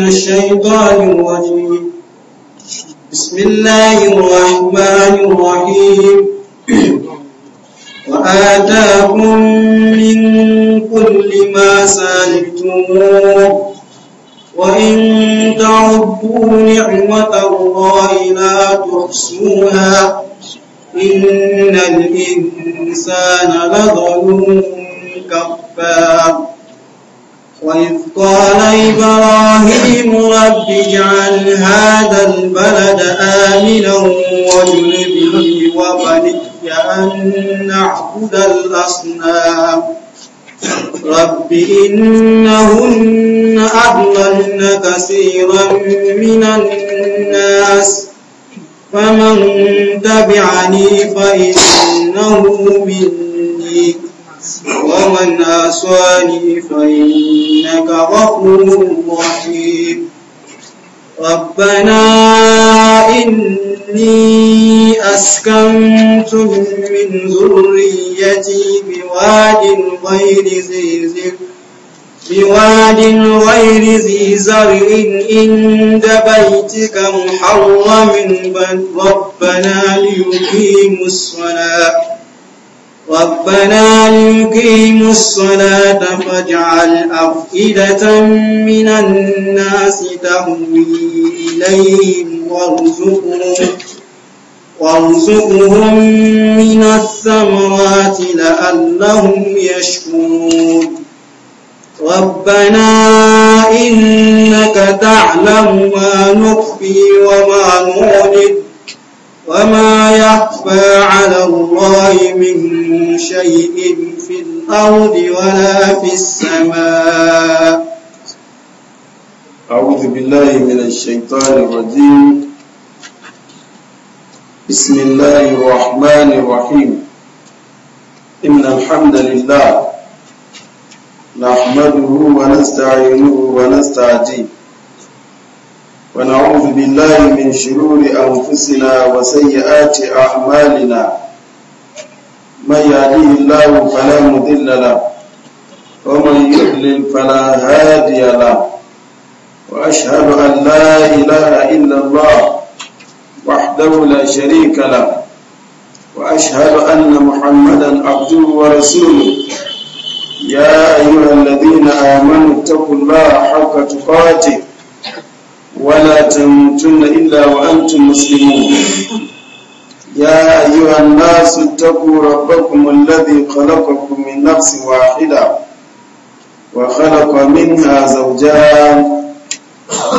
الشيطان الرجيم بسم الله الرحمن الرحيم وآتاكم من كل ما سألتموه وإن تعدوا نعمة الله لا تحصوها إن الإنسان لظلوم كفار وإذ قال إبراهيم رب اجعل هذا البلد آمنا واجنبني وبني أن نعبد الأصنام رب إنهن أضللن كثيرا من الناس فمن تبعني فإنه مني ومن عصاني فإنك غفور رحيم ربنا إني أسكنت من ذريتي بواد غير ذي ذكر بواد غير ذي زرع عند بيتك محرم ربنا ليقيموا الصلاة ربنا يقيم الصلاة فاجعل أفئدة من الناس تهوي إليهم وارزقهم وارزقهم من الثمرات لعلهم يشكرون ربنا إنك تعلم ما نخفي وما نولد وما يخفى على الله من شيء في الأرض ولا في السماء أعوذ بالله من الشيطان الرجيم بسم الله الرحمن الرحيم إن الحمد لله نحمده ونستعينه ونستعجيه ونعوذ بالله من شرور أنفسنا وسيئات أعمالنا من يهديه الله فلا مضل له ومن يضلل فلا هادي له وأشهد أن لا إله إلا الله وحده لا شريك له وأشهد أن محمدا عبده ورسوله يا أيها الذين آمنوا اتقوا الله حق تقاته ولا تموتن إلا وأنتم مسلمون يا أيها الناس اتقوا ربكم الذي خلقكم من نفس واحدة وخلق منها زوجان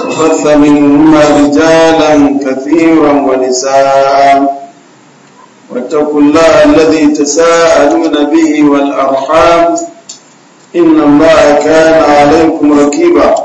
وبث منهما رجالا كثيرا ونساء واتقوا الله الذي تساءلون به والأرحام إن الله كان عليكم ركيبا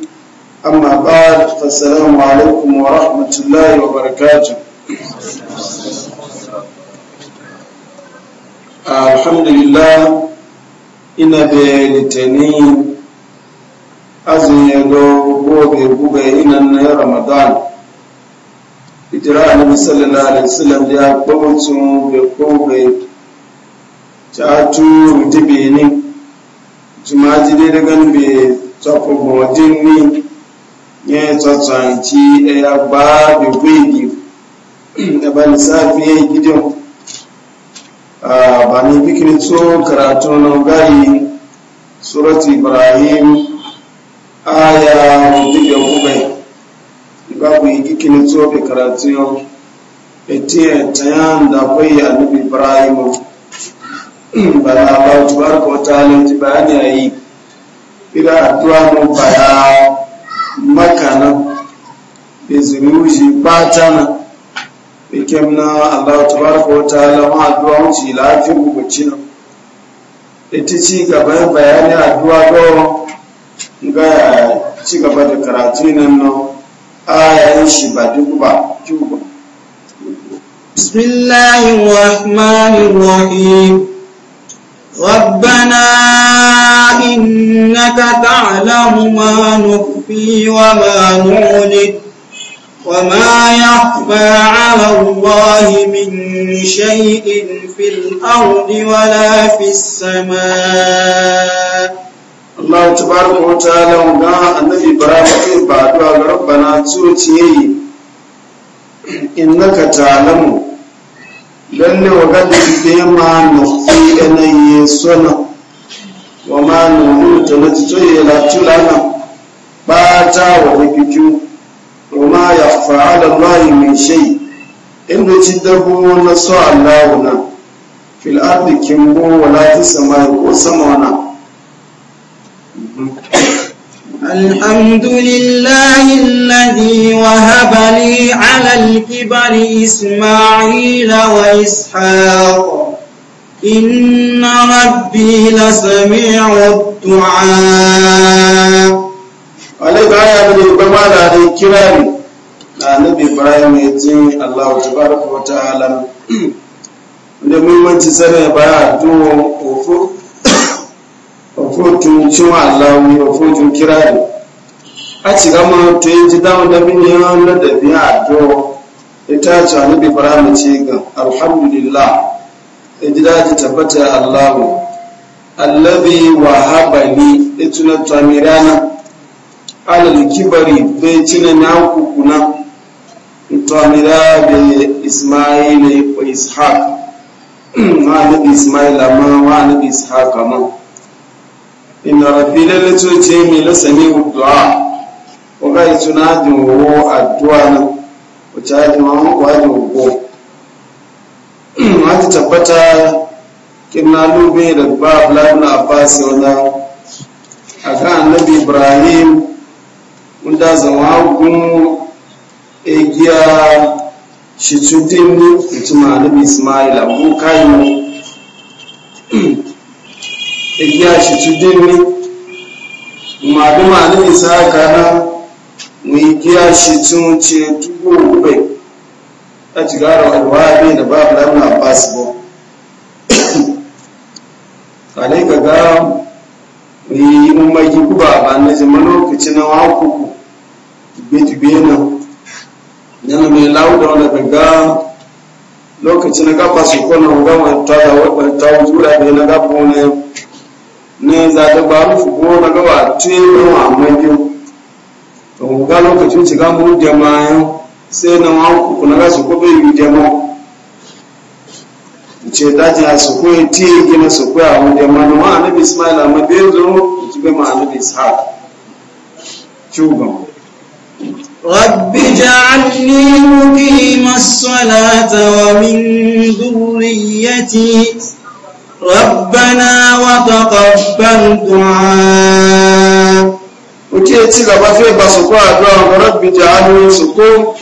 أما بعد فالسلام عليكم ورحمة الله وبركاته الحمد لله إن بلتنين azumi do gobe buga inan na ramadan hijira annabi sallallahu alaihi wasallam ya gwamnatin da gobe ta tu mutibe ne jimaji dai daga be tsafa gwamnatin ni E ya tsatsanci ya e ba da gwegi da ba lissafi ya yi gidan ba ne bikin so karatu na gari surat ibrahim aya e da kubai babu yi gikin so da karatu yau etiye ta yan da kwai ya nufi ibrahim ba na ba tubar ko ta lanti bayani a yi ila addu'a mu baya makana bi zunuji batana bikem na Allah tabaraka wa ta'ala ma addu'a wuce lafi gubuci nan ita ci gaba bayani addu'a gawa ga ci gaba da karatu nan nan ayayen shi ba duk ba kyau ba bismillahir rahmanir rahim ربنا إنك تعلم ما نخفي وما نعلن وما يخفى على الله من شيء في الأرض ولا في السماء الله تبارك وتعالى ونعى النبي إبراهيم بعد ربنا تؤتي إيه؟ إنك تعلم lalle wakati sai ma nufi ene ye sona wa ma nuhu to na tito ye la tula na ba ta wa rikiku wa ma ya fa'ala Allah min shay inda ci dabu na so Allah na fil ardi kimbo wala ta sama ko sama na الحمد لله الذي وهب لي على الكبر إسماعيل وإسحاق إن ربي لسميع الدعاء عليك آية من البمال على الكرام النبي إبراهيم يتين الله تبارك وتعالى da muhimmanci sanar ba a duwan ofotun cin allawi ofotun kirari a ci gama to yi ji damar da bin yan ladabi a to ita ce hannu bi fara mace ga alhamdulillah ijira ji tabbata allahu allabi wa habani tuna tamirana alal kibari bai cina na kukuna tamirana bai ismail wa ishaq ma nabi ismail amma wa nabi ishaq amma inna rabbi lalle to ce mi la sami'u du'a o ga ituna jin wo addu'a na Wa ta ji ma mu wa ji wo ma ta tabbata kinna lube da ba ibn abbas wala aka annabi ibrahim mun da zama gun egiya shi tutun ni ituma annabi isma'il abu kainu igiya shi ci dinni maduma ni isa kana mu igiya shi ci mu ce tugo a ci gara alwabi da babu lamun abbas ba kane ka ga mu yi umarki kuba ba na jima lokaci na wakuku jube-jube na yana mai lauda wanda ga lokaci na gaba su kona gama ta wujura bai na gaba wani ne za ta ba mu ko na gaba tuye don a manyan to ku ga lokacin shiga mu jama'a sai na ma ku na ga su ko bai yi jama'a ce daji a su koyi tiye gina su koyi a wajen mana ma annabi ismail a madiyar zuru ci bai ma annabi ishaq cuban رب اجعلني مقيم الصلاة ومن ذريتي rabbana wa taqabbal du'a uce ci gaba fe ba aduwa, ko addu'a ga rabbi ja'alni su ko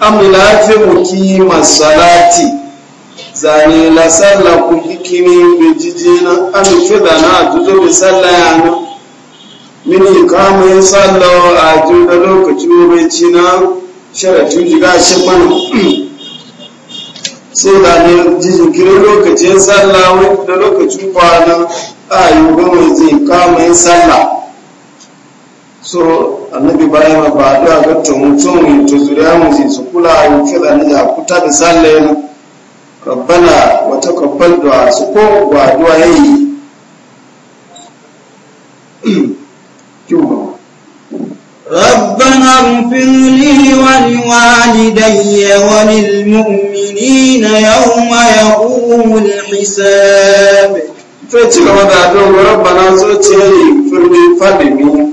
amila fe muki masalati zane la salla ku hikimi be jijina ami fe da na ajuzo be salla ya kama yin a ajuzo sai da ne jijikirin lokacin sallah da lokacin kwana a yi goma zai kama yin sallah so annabi bayan ba a da mutum to zuriya mu zai su kula a yi kira ne ya kuta da sallah yana rabbana wata kwabbal da su ko gwaduwa ya yi واغفر لي ولوالدي وللمؤمنين يوم يقوم الحساب فاتي ودعوه ربنا زوتي اغفر لي فادني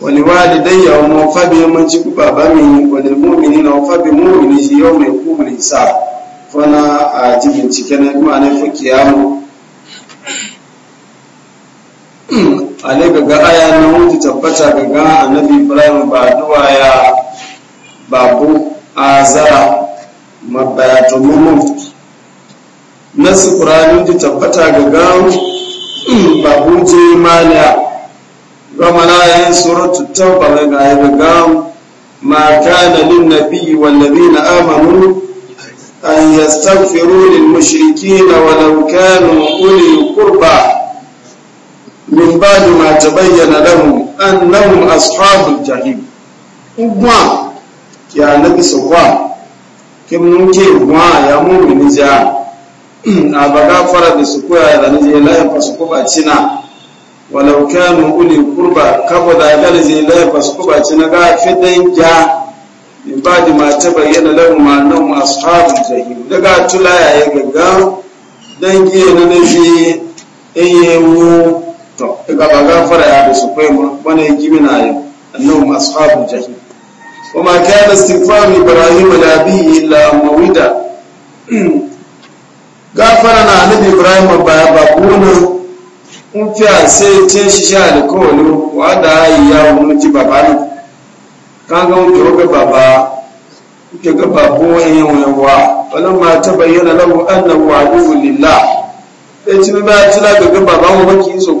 ولوالدي وما فبي من جب بابامي وللمؤمنين وفبي مؤمنين يوم يقوم الحساب فانا اجي بنتكنا بمعنى فكيامو ale gaga aya na wuce tabbata gaga annabi ibrahim ba duwa ya babu azara mabaya to mumu nasu qur'ani wuce tabbata gaga babu je maliya ramana yin suratu tauba gaga gaga ma kana lin nabi wal ladina amanu an yastaghfiru lil mushrikeena walau kanu uli qurba min ba da ma ta bayyana lahu annahum ashabul jahim ugwa ki annabi sokwa ke mun ke ugwa ya mu'mini ja a baga fara da su koya da nije layin fasu ko bacina walau kanu uli kurba kaba da ga nije layin fasu ko bacina ga fidan ja min ba da ma ta bayyana lahu ma annahum ashabul jahim daga tulaya ya gaga dangi na nabi in yewu to daga ba gafara ya da su kai mana yi gimina yau annahum ashabul jahim wa ma kana istighfar ibrahim li abihi illa mawida gafara na annabi ibrahim ba ba kuna un fi ase tin shi sha da kowani wa da yi ya wani ji baba ne kan ga wuce ga baba kuke ga babo yin wawa wala ma ta bayyana lahu annahu aduwwu lillah sai ci ba ta ga baba mu baki so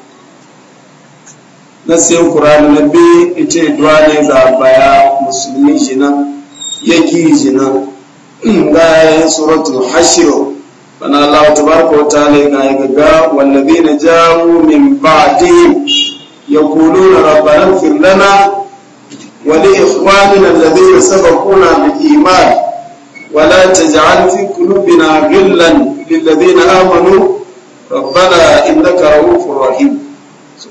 na sayan kurani na be ita duwa ne za baya musulmi jina yaki jina ga yi suratul hashir bana Allah tabaraka wa ta'ala ga yaga wallazina jawo min ba'dihim yaquluna rabbana ighfir lana wa li saba alladhina sabaquna da iman wa la taj'al fi na gillan lil na amanu rabbana innaka ra'ufur rahim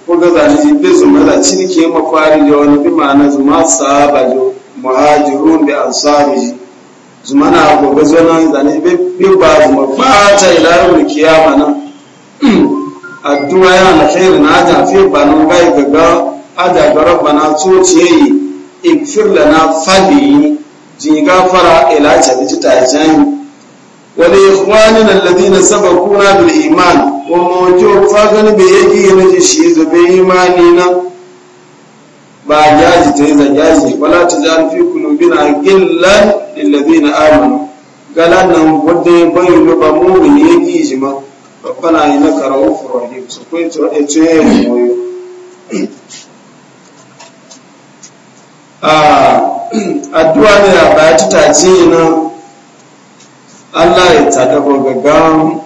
ko ga zaliji be zuma da cinike mafari da wani bi ma'ana zuma sahaba jo muhajirun da ansari zuma na gobe zona zane be bi ba zuma ba ta ila yau kiyama nan addu'a ya na khairu na ta fi ba nan gai gaga ada ga rabbana tsociye ikfir lana fadi ji gafara ila ta bi ta jani wa li ikhwanina alladhina sabaquna bil iman wa mawuce fatan bai yake yi na shi zabe imani na ba jaji ta yi zanya zagaji wala ta zan fi kulubina gillan na amanu galan nan wadda ya bayi ba mu ne yi shi ma babbana yi na karawo furahim su kwai ta wadda ce ya yi moyo addu'a ne a bayan ta ce na Allah ya tada gaggawa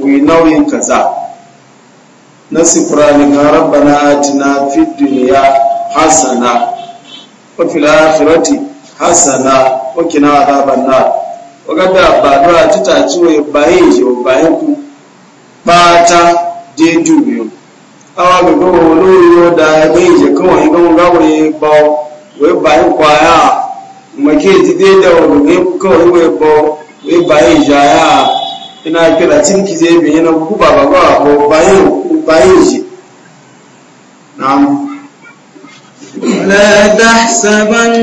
wi nauyin kaza na sifirani ga rabbana atina fid dunya ya wa fil akhirati hasana wa qina adhaban nar wakada badura titachiwe awa gbogbo wọn yóò da ẹgbẹ́ ìjẹ̀kọ́ wọ̀nyí gbọ́n gáwọ̀ yẹn gbọ́ wọ́n báyìí kọ́ ayá mọ̀kí ètí déédéé ọ̀rọ̀ yẹn kọ́ wọ́n gbọ́ wọ́n ayá ina kira ki zai bi yana kuba ba ba ko ku bayin shi na'am لا تحسبن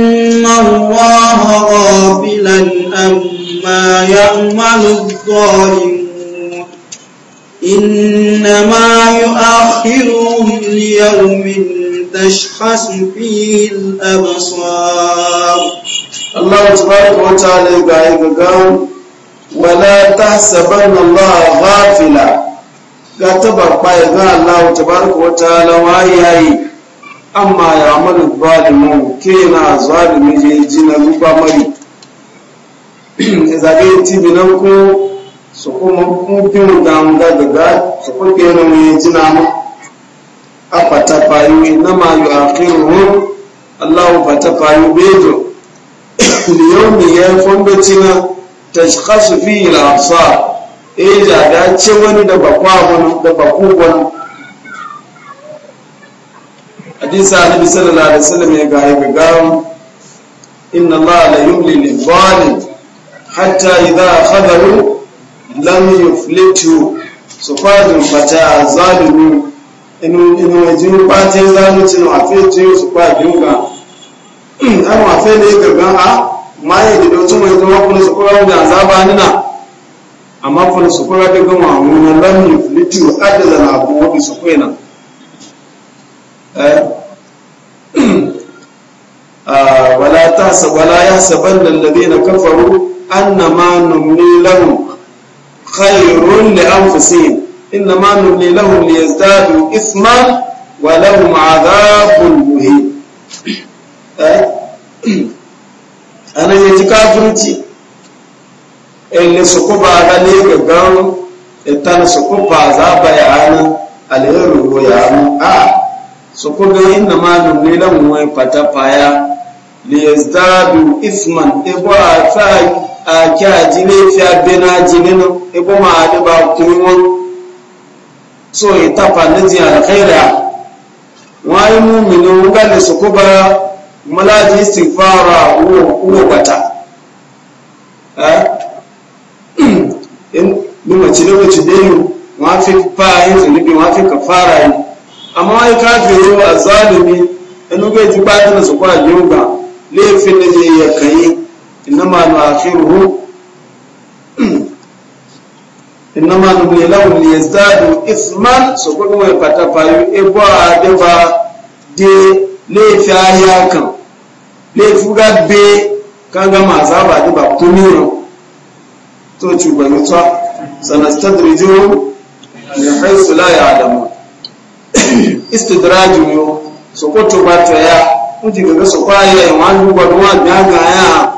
الله غافلا أما يعمل الظالمون إنما يؤخرهم ليوم تشخص فيه الأبصار الله تبارك وتعالى قال wala ta tahsabanna Allah ghafila ga tabakpa ya ga Allah tabaraka wa ta'ala wa yayi amma ya amalu zalimu kena zalimi je na ruba mari zabe ti binan ko su kuma mutun da nga daga su ko kena mu jina mu afata fayu na ma yu'akhiruhum Allah fata fayu bejo liyawmi ya fondo cina tashkasu fi al-absar eh da da ce wani da bakwa wani da baku wani hadisi annabi sallallahu alaihi wasallam ya ga ga gawo inna allaha la yumli lil-zalim hatta idha khadahu lam yuflitu so kwadun fata zalimu inu inu wajin kwatin zalimu cinu su ga an maye da dautu mai zama kuna su kura da azaba nuna amma kuna su kura da gama munan lamu litu adala na abu wadda su kwena eh? ah, wala ta wala ya saban da lalabe na kafaru annama numni lahum khairun li anfusihim innama numli lahum liyazdadu ithman wa lahum adhabun muhin eh? ana ya ji kafirci su soko ba ga ne gaggan su soko ba za ba ya hana alheru ko ya hana a soko ga inna ma lulli lan wai fata faya li yazdadu isman ebo a sa a kya jine fi abena jine no ebo ma a ba kuwon so ita fa ne ji alkhaira wai mu'minu ga su soko ba malaji istighfara wo bata eh? in ni mace da mace da yi wa fi yin zunubi wa fi kafara yi amma wai wani kafiro wa zalimi in ubai ji ba ta su kwa biyu ba laifin da ne ya kai innama nu akhiruhu innama nu yalahu li yazdadu isman so ko ya fata fayu e ba de ba de laifi ya kan laifu ga be kaga maza ba da ba kuniro to cubani ta sanastadrijuhum min haythu la ya'lamun istidrajum yo sokoto bato ya uti gaga sokwa ya wangu ba ruwa gaga ya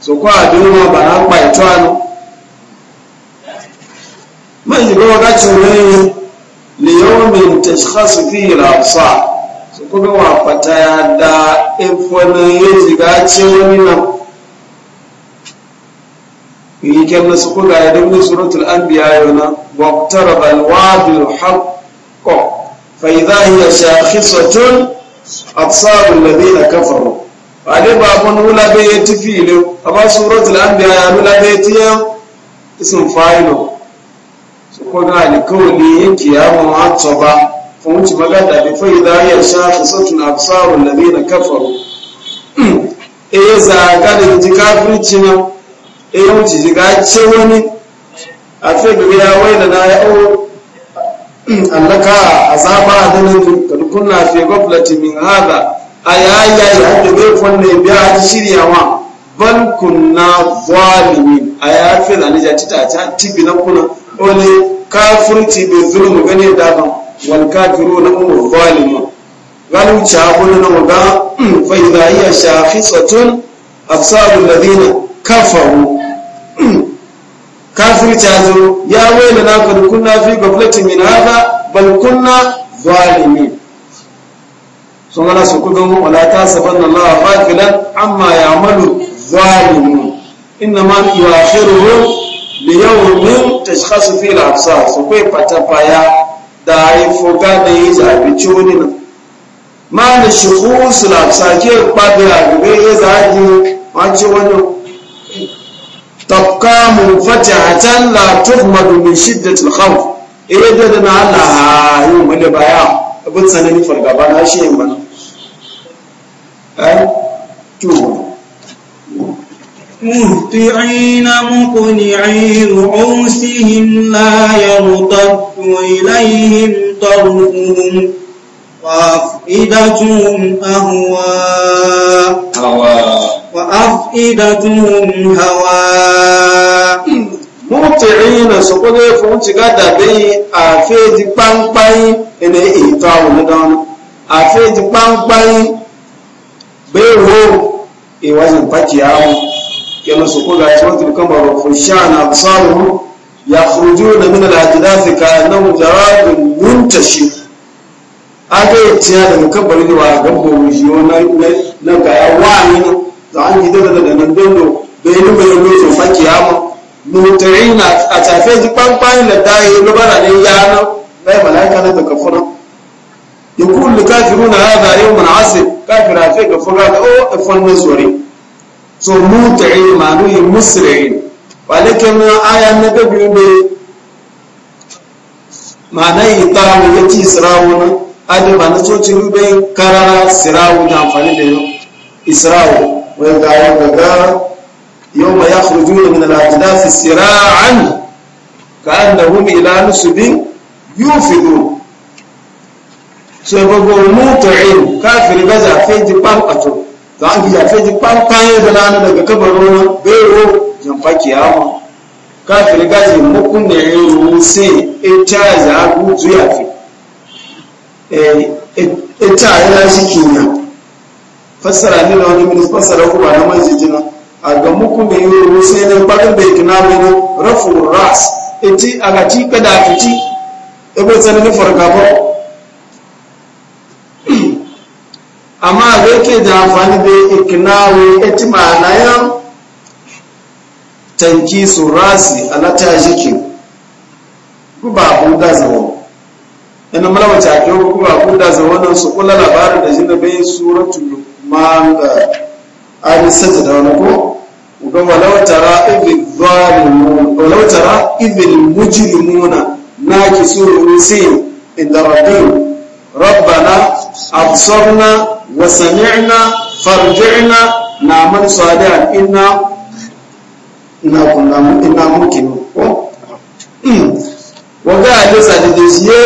sokwa aduma bara pa itwano mai jibo ga cure li yawmin tashkhasu fihi al-absar kuga wakwata ya da efonin ya jiga ce wani nan yi kyan su kuga ya dinga suratul anbiya yana waqtara bal wadil haqqo fa idha hiya shakhisatun absar alladhina kafaru ale ba ba mun wula be filin. filo aba suratul biya ya wula be tiya ism fa'ilo su kuga alikawli yake ya mu ba. فموت مغدا فإذا يشاء فصوت أبصار الذين كفروا إيه ya دي كافر تشينا إيه موت جيغا تشوني أفيد بيا وين أنا أو أنك أصاب أذنك قد كنا في غفلة من هذا أيايا يحدد فن بيا شيريا وان ban kunna zalimi a ya fi zane tita ta tibi na kuna wani kafirci bai zulmu gani da ban wal kafiruna hum zalimun galu chabuna na ga fa idha hiya shakhisatun afsaru alladhina kafaru kafir tazo ya wayla na kad kunna fi ghaflatin min hadha bal kunna zalimin sun gana su kuga mu wala ta sabanna Allah ghafilan amma ya'malu zalimun innama yu'akhiruhum li yawmin tashkhasu fihi al-absar su kai patapaya da haifoga da yi zaɓi cunina ma da shiku sulafsake kwabi a gaba ya zaɓi wace wani tafka mu fata hatan la tuk min shiddatil khawf eh iya da na yi hayu wani baya abin sanani fargaba na shi mana eh to مهطعين مقنعي رؤوسهم لا يرتد إليهم طرفهم وأفئدتهم أهواء وأفئدتهم هواء مهطعين سقوطي فوتيكا دبي أفيد بانباي إلى إيطاو مدان أفيد بانباي بيرو إيوازن باكي كما سقول آية مرتب كما رفشان أبصارهم يخرجون من الأجداث كأنه جراد منتشر أجل اتيادة مكبرة وأجبه وجيونا نبقى أوانينا زعان جدد لنا نبقى بينما يلوث وفاكي عام موتعين أتافيز بانباين لدائه لبرا ليانا لا يملايك هذا كفرة يقول لكافرون هذا يوم عاصر كافر أفيك فقال أو أفن نسوري so muti'i manu yi musri'i walakin aya na gabi ne ma'ana yi ta mu ya ci sirawu adi ba na cocin rube karara sirawun na amfani da israwu wani ga ya gaga yau ma ya kurju da min al-ajdafi sira'an ka annahum ila fi yufidu so bago muti'in kafir gaza fi a atum to an giya ta ji kwantaye da lana daga kabarin bero jamfa kiyama kafin gaji mukun da ya yi sai ita e a gutu ya fi ita e, e, yana shi kinya fassara ne na wani minis fassara kuma na mai jijina a ga mukun da ya yi sai ne bakin da kina mini rafin ras iti a ga ci kada a fiti ebe tsanani ba amma ga ke da amfani da ikinawe eti ma'anayan tanki su rasi a lata shike guba buda zawo ina mana wace ake guba buda zawo nan su kula labarin da shi da bai suratu lukman ga. an sata da wani ko ga walau tara idil na ki tara idil mujrimuna in suru sai inda rabbana absorna wa sami'na na man sadihan inna na kunna inna mumkin ko wa ga hadisa da dai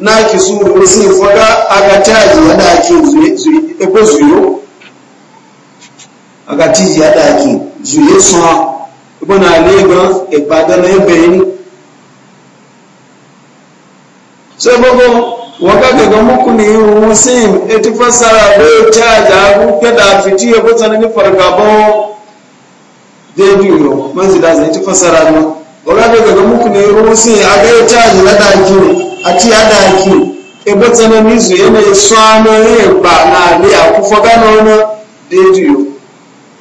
na ki su ko sai fara aga taji ya daki zuye e ko zuyo aga tiji na wakaga ga muku ne musim eti fasara be chaja ku keda ya ko tsanani farka bo de biyo man zida zai eti fasara no wakaga ga muku ne musim aga chaja na daki ati adaki e bo tsanani zu yana iswano e ba na ni akufa gano no de biyo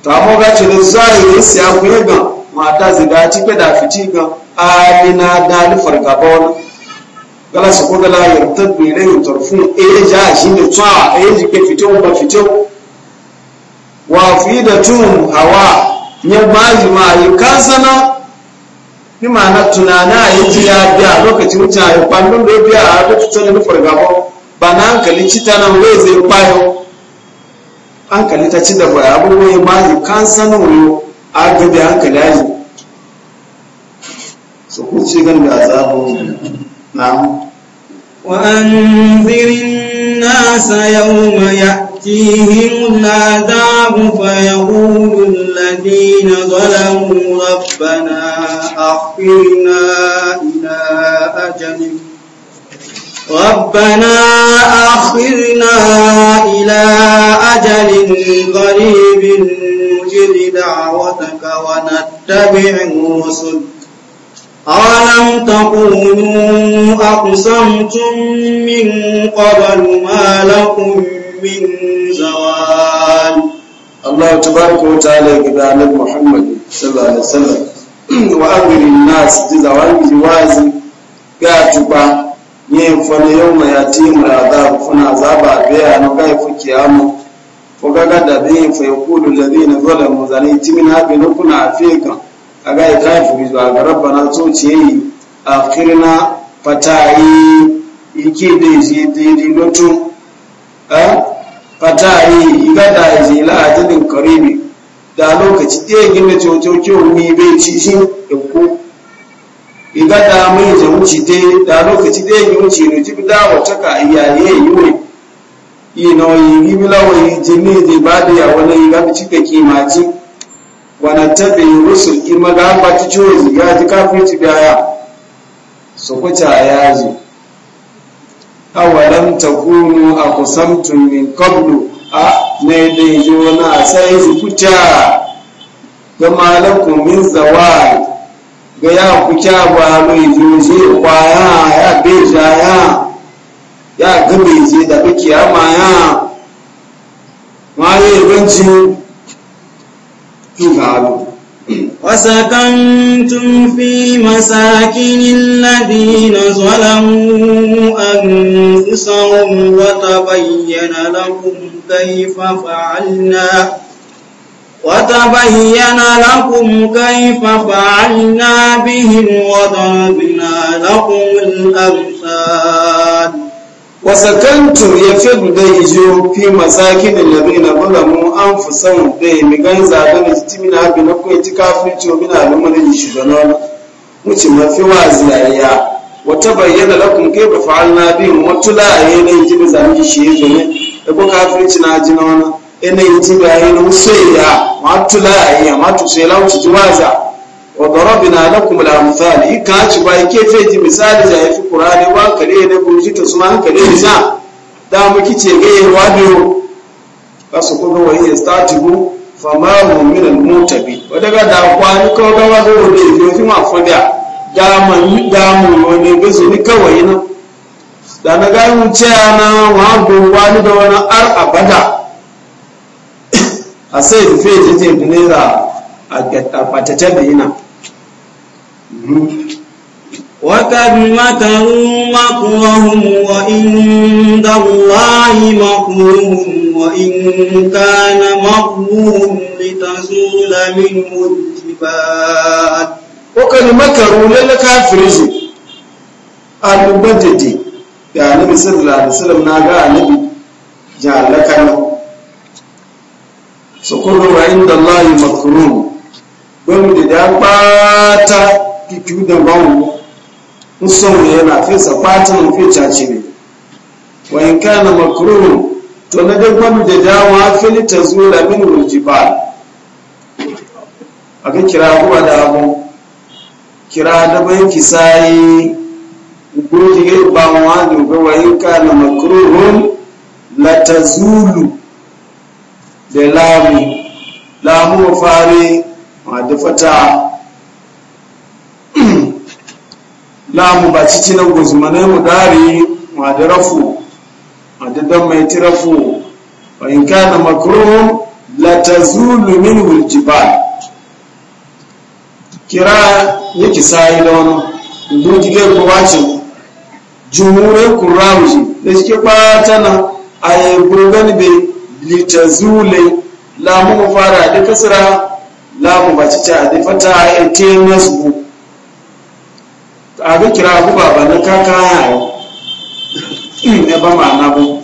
to amma ga ce da zai yi siya ku ga mata zida ti keda fitiga a ni na dali farka bo gala sako gala yartaddu ilayhi tarfun eh ja shi ne tsa eh ji ke fito ba fito wa fi da tun hawa ya baji ma yi kansana ni ma na tunana ya ji ya biya lokacin wuce ya kwandon da ya biya a ta tutar da fargaba ba na hankali cita nan wai zai kwayo hankali ta ci da baya abubuwa ya baji kansana wuyo a gabi hankali ya ji so kun ci gani da azabun نعم. وأنذر الناس يوم يأتيهم العذاب فيقول الذين ظلموا ربنا أخفرنا إلى أجل ربنا أخرنا إلى أجل قريب نجد دعوتك ونتبع الرسل أولم تكونوا أقسمتم من قبل ما لكم من زوال الله تبارك وتعالى قبال محمد صلى الله عليه وسلم وأمر الناس جزوال جواز قاتبا yin fana yau mai yati murada fana zaba biya na kai fuki amu ko gaga da bin fa yakulu ladina zalamu aga yi kafiri ba ga rabbana so ce yi a kirna yi yake da yi daidai lotu eh? a yi iga da yi zila a jinin karibi da lokaci ɗaya gina cocin kyau ni bai ci shi ɗauko iga da mai zamuci dai da lokaci ɗaya gina wuce ne jibi da wata ka iyaye yi wai yi nawa yi gibila wa yi jini zai ba da yawon yi gabi cika kimaci wanatabi rusul imaga bati chozi gaji kafiti baya sokocha ayazi awalam takunu aqsamtum min qablu a nede jona saizi kucha kama lakum min zawal ga ya kucha ba lo ijoje kwaya ya beja ya ya gabeje da kiyama ya ma yi banci فعلوا وسكنتم في مساكن الذين ظلموا أنفسهم وتبين لكم كيف فعلنا وتبين لكم كيف فعلنا بهم وضربنا لكم الأمثال Wasakantu wasakantum yafidu dai ijo fi masakin alladhina zalamu anfusahum dai mi gan zaɓe ne ti mina bi na kuwa ti kafin wa mina bi mana yi shugaban wuce mafi wa ziyariya wata bayyana lakum kai ba fa'alna bi wata la'aye na yi jibi zami shi ya zane da ko kafirci na ji na wani ina yi jibi a yi na musoyi ya ma tula a yi ya ma tusela wuce waza wa darabna da al-amsal ikaci ba yake feji misali da yafi qur'ani ba kare ne burji ta suma hankali ne sa da muke ce ga yayi wadiyo kasu ko ga wani yastatibu fama hum min al-mutabi wadaga da kwani ko ga wazo ne ne fi ma fada da man da mu ne gazu ni kawai na da na ga mun ce ana wa gurwa ni da wani ar abada a sai feji ta dinera a patatabe yana وقد مكروا مكرهم وعند الله مكرهم وإن كان مكرهم لتزول منه الجبال وقد مكروا للكافرين المبدد يا نبي صلى الله عليه وسلم ناقا نبي جعلك سقول وعند الله مكروه don da ya bata pipiu da ba bawo musamman yana fesa fatin fica ci ne wa in kana makrurun to na dai gwamnati da dawa fili ta zura min rujibal aka kira kuma da abu kira da bayan kisayi gurgi ga ba wa da ga wa in kana makrurun la tazulu da Laamu lamu fare ma da fata lamu ba cici na guzmanai mu dare ma da rafu ma da dan mai tirafu wa in kana makruh la tazulu minhu aljibal kira yake sai da wani idan kike ko wacin jumure kurawi da shi ba tana ay gurgan be li tazule lamu fara da kasra lamu ba cici da fata ay tin nasbu abu ga kira ku baba na kaka yawo ne ba ma'ana bu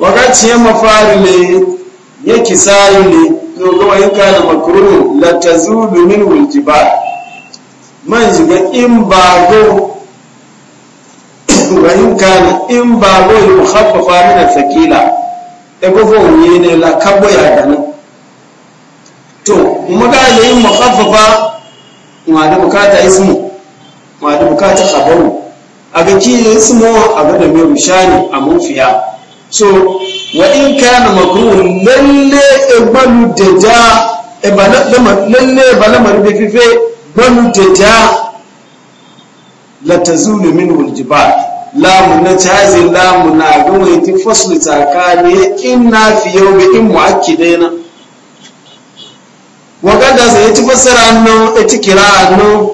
wakati ya mafari ne ya kisayi ne to gama yin kana makuru, la tazulu min waljibal man shiga in ba go wa in kana in ba go ya mukhaffafa min al-thaqila e go fo ne la kabo ya dana to mu ga yin mukhaffafa da bukata ismu ma da bukata khabaru aga cire ismu ga da mai shani a mufiya so wa in kana lalle ibanu e da ja e lalle lalle ibana marbe fife banu da ja la tazulu minhu aljibal lamu na tazi lamu na gawaiti fasli tsakani inna fi yawmi in muakkidaina wakanda sai ci fassara nan ya ci kira nan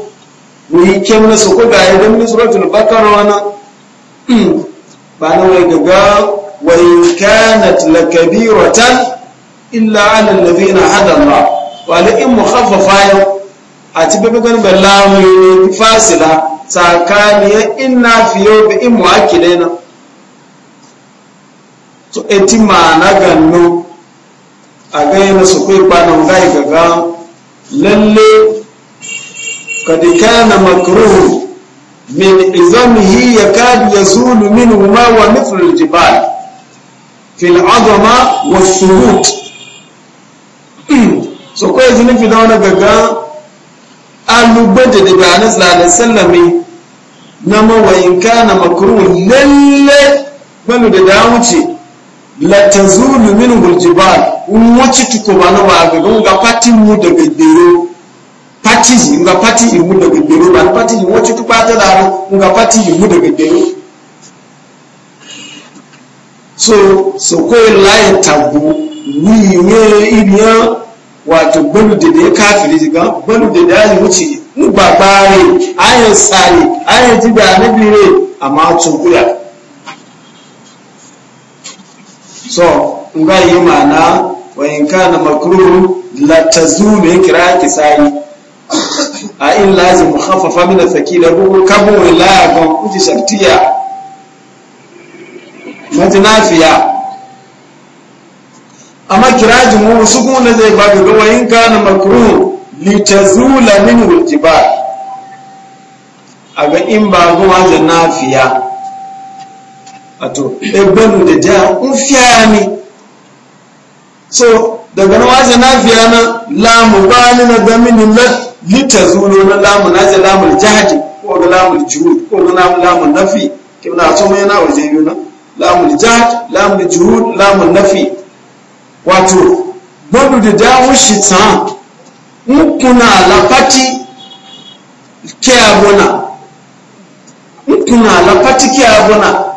mu yi kyan na su kuga ya don misratul bakarwa na. ba na wai gaga wai kanat la kabiratan illa ala alladhina hada Allah wa la in mukhaffafa a ci bebe gan balla mu yi fasila tsakaniya inna fiyo bi in muakkidaina to e ma na ganno a gaya na su kai kwanan gai gaga lalle kad kana makruhu min izamihi ya zulu min ma wa mithlu jibal fil al'azama wa surut so ko yi nufi da wani gaga alubanta da bayanin sallallahu sallame na mawayin kana makruhu lalle banu da dawo wuce. latazulu minhul jibal umuci tukubana waga nga pati mu daga dero pati nga pati imu daga dero ban pati imu ci tukpata daro nga pati imu daga dero so so ko laye tabu ni ye ibiya wato gbanu da da ya kafiri jiga gbanu da da ya wuce mu ba bare ayan tsari ayan jibi anabi re amma tun kuya so nga yi mana wa in kana makruhu la tazulu ikra kisai a in lazim mukhaffafa min thaqila ko kabu la ko kuji shaktiya matinafiya amma kiraji mu sukun da zai baka ga wa in kana makruhu li tazula minhu al-jibal aga in ba go wajen nafiya ato egbenu da ja un fiya ne so daga na waje na fiya na lamu ba ni na ga mini lita zuno na lamu na je lamu jahaji ko ga lamu juhud ko na lamu lamu nafi kim na so mai na waje biyu na lamu jahaji lamu juhud lamu nafi wato gbọdọ da ja un shi tan un kuna lafati ke abuna un kuna ke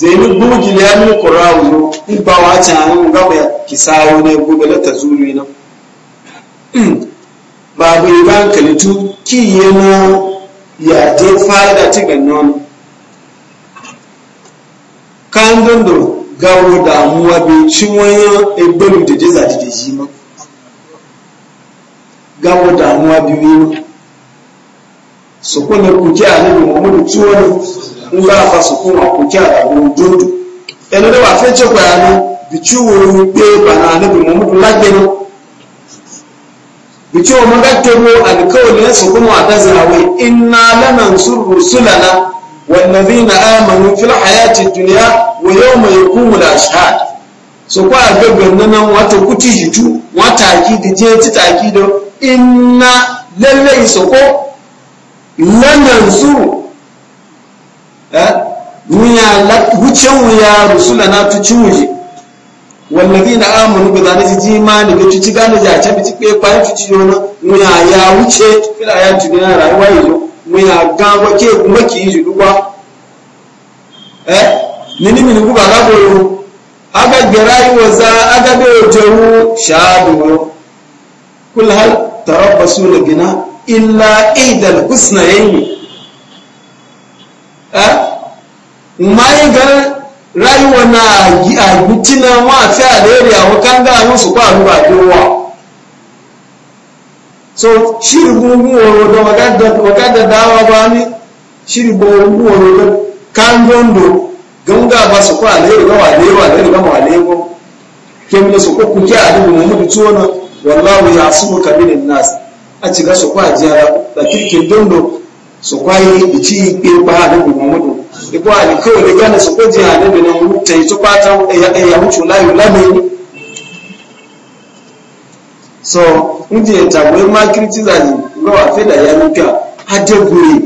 zaini buji ne an kura wuyo in ba wa ci an ga ba ki sayo ne gobe da ta zuri na ba bu ban kalitu ki yana ya je fa'ida ci ga non kan dondo gawo damuwa bi ci wanya egbelu de je za de ji ma gawo damuwa bi wi so kone ne ku ki a ne mu mu ci nga afa sukuma kuki adagun dudu ẹnu dẹ wà fẹ jẹ gbàyà ni bìtú wo gbé bàná níbi mọ mọtò lágbẹnu a wọn mọgá tẹwọ àdìkọwò ní sukuma àdáze àwẹ iná lẹnà nsúrù sùlànà wàlẹ́dínà àmàlù fílà àyàtì dùnìyà wòye ọmọ yẹkùn wùlà ṣáà sokwa agbègbè nínú wọn tó kú wata yìí tú wọn tààkì dìjẹ títàkì dọ iná lẹlẹ ìsọkọ lẹnà nsúrù. wuce eh? wuya rusula na tuci wuce wallafi na amonu ga zane ji mani ga tuci gane ji a can bici pe kwaye tuci yana wuya ya wuce kira ya tuni na rayuwa yanzu wuya gaba ke kuma ki yi juduwa eh ni mini kuba na goyo aga gerayi waza aga be Jehu, shadu kul hal tarabbasu Gina illa idal husnayn Eh? mai ga rayuwa na agitina wọn àti àlérí àwọn kanga àwọn sùpá àrùbà tó wà so ṣírí gbogbo ọ̀rọ̀dọ̀ ọ̀kadà dáwà bá ní ṣírí gbogbo ọ̀rọ̀dọ̀ kandondo ganga ba sùpá àlérí bá wà léwà lẹ́nu bá wà léwọ́ kemi da sùpá kúkẹ́ àdúgbò mọ́ mọ́bi tó wọn wàláwù yà súnmọ́ kàbínẹ̀ nas a cika sùpá àjẹrà da kirkin dondo su kwaye ici pe ba da muhammadu iko ali kawai da gane su kwaje a da nan mutta ita kwata ya hucu la yu lami so ndi eta we ma criticize lo afela ya nuka hade gure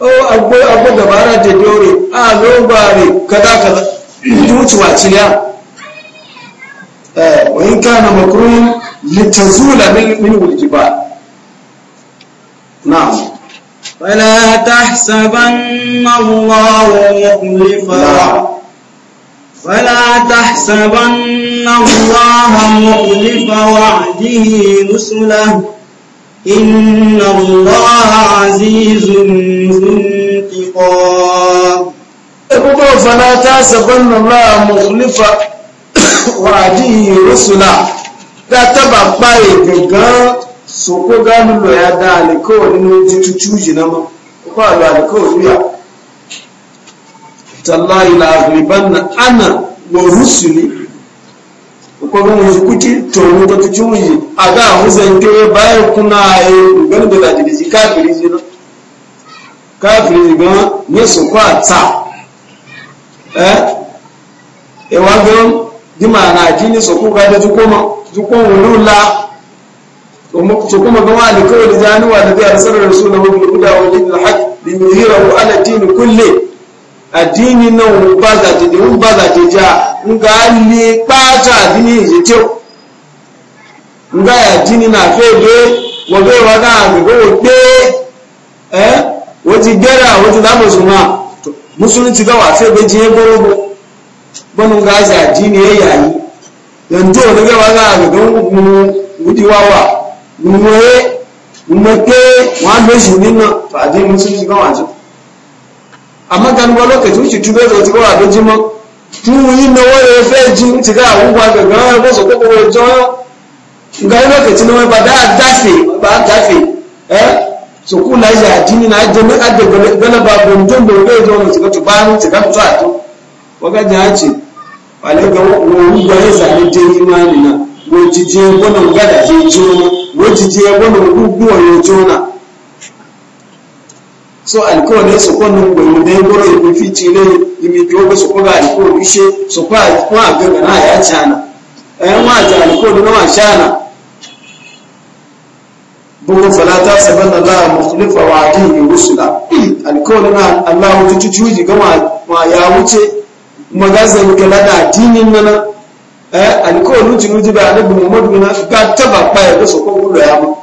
o agbo agbo da bara de dore a lo ne kaza kaza hucu wa ciliya eh wa in kana makruhin litazula min min wajibat na'am فلا تحسبن الله مخلفا فلا تحسبن الله مخلف وعده رسله إن الله عزيز ذو انتقام فلا تحسبن الله مخلف وعده رسله لا تبقى pa so ko gani lo ya da alikawari na wajen cuci na ma ba da alikawari ya tallahi la agriban na ana wa rusuli ko ga mu kuti to mu da tuci mu yi a ga mu ke bayan kuna yi gani da dadi ji kafiri ji na kafiri ga ne so kwa ta eh e wa ga di ma na ji so ku ga da ju ko ma wulula ومكتكم ضوالي كل زانوا الذي أرسل رسوله بالهدى ودين الحق ليظهره على الدين كله addini náà ń bá gàdìdì ń bá gàdìjà nga lè pàtà àdínì ìyètò nga àdínì náà fẹ́ gbé wọ́n gbé wọn náà gbogbo wọ́n gbé ẹ́ ti gbéra wọ́n ti lábòsùn náà mùsùlùmí ti bá wà fẹ́ gbé jí gbogbo bọ́nu nga àdínì ẹ̀yà yìí yẹn tó onígbé wọn náà gbogbo ń gbùn wúdi wá mwe mwake wanda shi nina to aje musulunci ga waje amma kan ba lokaci wuce tube zo tuba wa doji ma tun yi na wani ya fe ji wuce ga abubuwa ko so ko ko jo ga na wani ba da dafe ba dafe eh so ku na ji na aje na aje gana ba bondon da wani zo mu tuba tuba mu tuba to ato waga ji hace wale ga wani ga ya zalunce na wojije bona ngada je jona wojije bona gugu ya jona so alkawalin su kwanu gwaiwu dai goro ya kufi cile yi mai biyo ba su kuga alkawar ishe su kwa kuma a gagana ya cana ɗayan wata alkawar na wa cana bugun falata saban da la'a mukhlifa wa adin yi rusula alkawar na allahu ta ci gama ma ya wuce magazin gala da addinin nana alkawalin cinuti da annabi muhammadu na ka taba kwaya da su kogo da yamu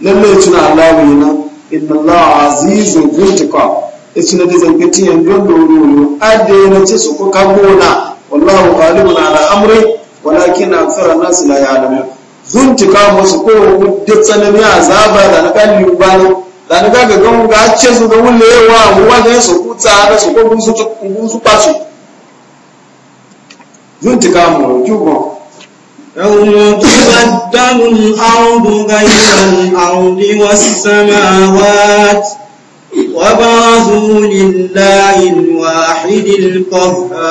lalle tuna allahu yana inna allah azizun zintika ya tuna da zangatin yanzu da wuri adda na ce su kuka gona wallahu galibun ala amri walakin aksara nasu la ya alamu zintika musu ko duk tsanani azaba da na kalli bani da na gaga gan ga ce su ga wulle wa wa wajen su kuta da su kogo su yun ti kaamu o ju bɔ. Ɛwùmọ̀dúnmọ̀dánù àwùdùnkàyìnrán àwùdíwá sísámáwá wàbáwáhùnìláyìnwá àhídìlkọ̀fà.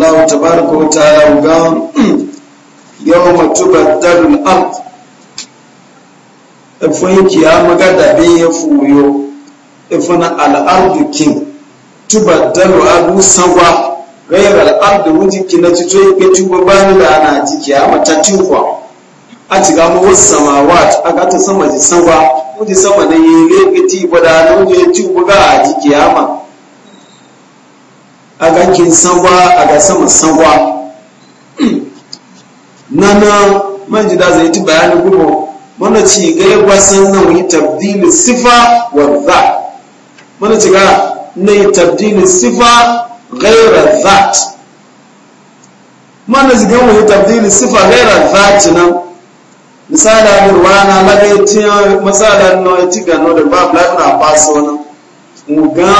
Láwù tabárukó taara wùgá yóò ma tuba dánù àrùn. Ẹ̀fọ́ yìí kì í amagá dàbí yẹn fún yóò. Ẹ̀fọ́ na àlà àrùn kìí tuba dánù àrùn sanwó ghayra da ard wuji kinati ya ke tuba bani da ana jiki amma ta tuwa a tiga mu wasu samawat aka ta sama ji sama wuji sama da yi ke ti bada na ya tuba ga a jiki a ma amma aka kin sama aka sama sama nana man ji da zai ti bayani gubo mana ci ga yagwa sannan yi tabdili sifa wa za mana ci ga na yi tabdili sifa gaira zat mana zigan wani tabdili sifa gaira zat nan misali alurwana lagaitiyar matsalar na ya ci gano da ba black na faso nan muga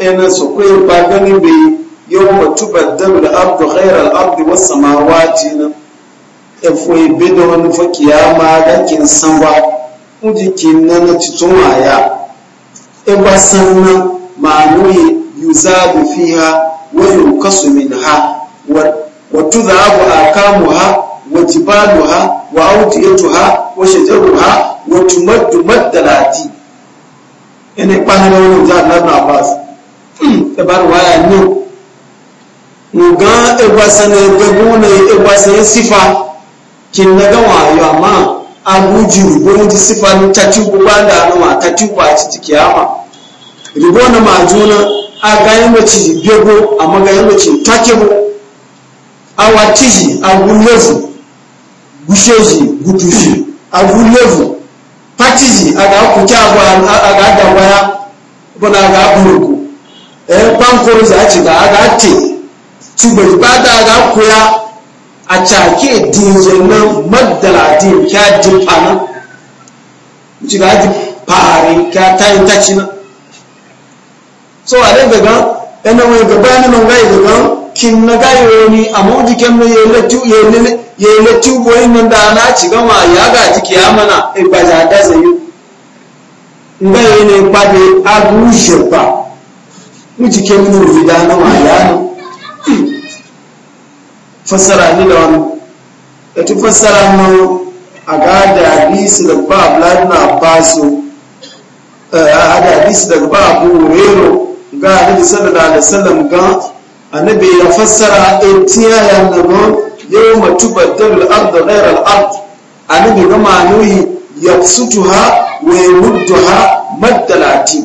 ina su kwaye ba gani bai yau mutu baddal da abdu gairar abdu wasu mawati nan efoyi bido wani fakiya ma dakin san ba ujikin na na cikin waya e ba sannan ma'anoyi yuzadu fiha ويركص منها وتذهب آكامها وجبالها وأوديتها وشجرها وتمد مد العتيق ẹni panilẹ wọn lòdì àdìlànà abbas ẹbára wáyà ní ǹgán ẹgbàsánà ẹgbẹgbọn ẹgbàsánà sífà kí n nàgáwọn ayọ àmà agbójú ìbọn ti sífà ní tàtíwù bá dànù àtàtíwù àti tìkìyàmà ìbọn náà máa jóná agayin mace bego a magayin mace takebo awatiji agulevu gusheji gutuji agulevu patiji agakuke agadabaya bana agaburuku eh bankoro za ci ga agate tubali bada agakuya a cake dinjenan maddala din kya jipana ci ga jipare kya tayin tacina so daga gaga wani gaba gaga ni gaya daga kin na gayo wani amuji ken ne yele tu yele yele tu boy nan da na ci gama ya ga ji kiyamana e gbaja da zayu yi ne pade agu sheba muji ken ne vida na ma ya no fasara ni da wani da e tu fasara mu a ga da su da ba ba basu a ga su da ba abu rero ga annabi sallallahu alaihi wasallam ga annabi ya fassara etiya ya nama yau matu badal al-ard ghayr al-ard annabi ga manuyi yaqsutuha wa yudduha maddalati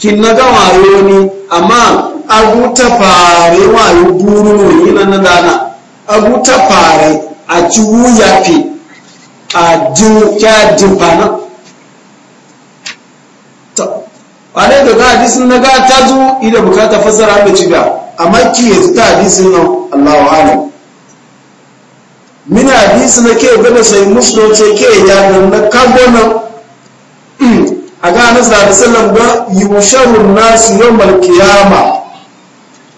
kin na ga wayo ni amma abu ta fare wayo buru ne yi nan dana abu ta fare a ci wuya fi a din kya din fana wane da ga hadisin na ga ta zo ida bukata fasara da ci ga amma maki ya ta hadisin nan Allahu alam min hadisin na ke gada sai muslim ce ke ya nan na kago nan a ga Anas da sallam ga yusharun nas yawmal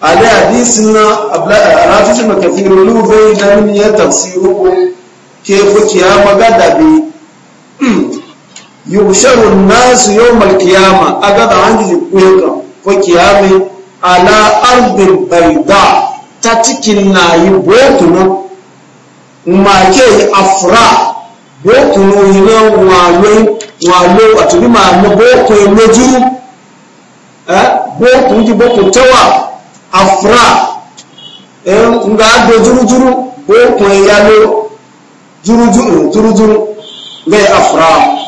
a hadisin na rafishin da kafin lubai da min ya tafsiru ke fu kiyama ga dabi yusharun nasu yawmal qiyama aga da hanji kuyenga ko kiyame ala ardin bayda ta cikin nayi botuno ma ke afra botuno yina walo walo atuni ma na boko yojuru eh boko ndi boko tawa afra eh nga do juru juru boko yalo juru juru juru juru le afra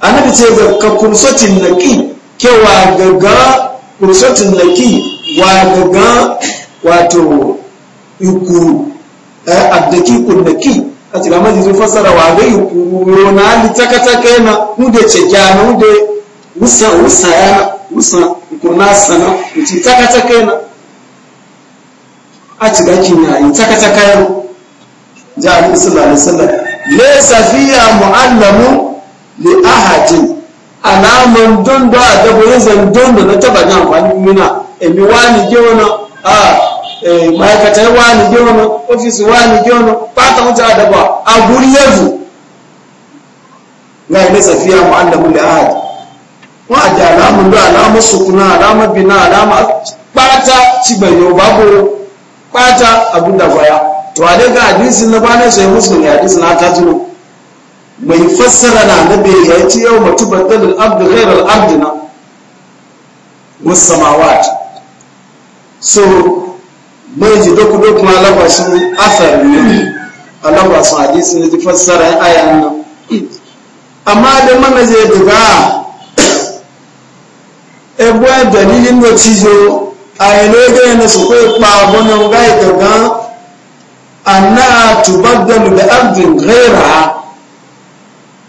annabi ce ga ka kursotin naki ke wa gaga kursotin naki wa gaga wato yukuru eh abdaki kunnaki a cikin amma jizo fasara wa ga yukuru rona li takataka yana hude ce gyana hude wusa wusa yana wusa kuna sana uci takataka yana a cikin kinyayi takataka yana ja a sallallahu lalisa wasallam lesa fiya mu'allamun li ahadin alaman don a dabo ya zandon da na taba jan amfani mina emi wani ge wani a ma'aikatar wani ge wani ofis wani ge wani fata wuce a daba a guri yanzu ga ina safiya mu'allamu li ahad wa da alamun da alamun sukuna alamun bina alamun pata cigbanyo babu pata abun da baya to a daga hadisi na bana sai muslim ya hadisi na ta tuno mai fassara na nabi ya ce yau mutu baddalin abdu ghairar abdina wasu samawat so mai ji doku doku ma shi asar ne a labasun hadisi ne ji fassara ayan nan amma da mana zai duga ẹgbẹ́ dalilin da cizo àìlẹ́gẹ́ na su kai kpagbọ́nà gáìgagán anna tubaddalu da abdin ghairaha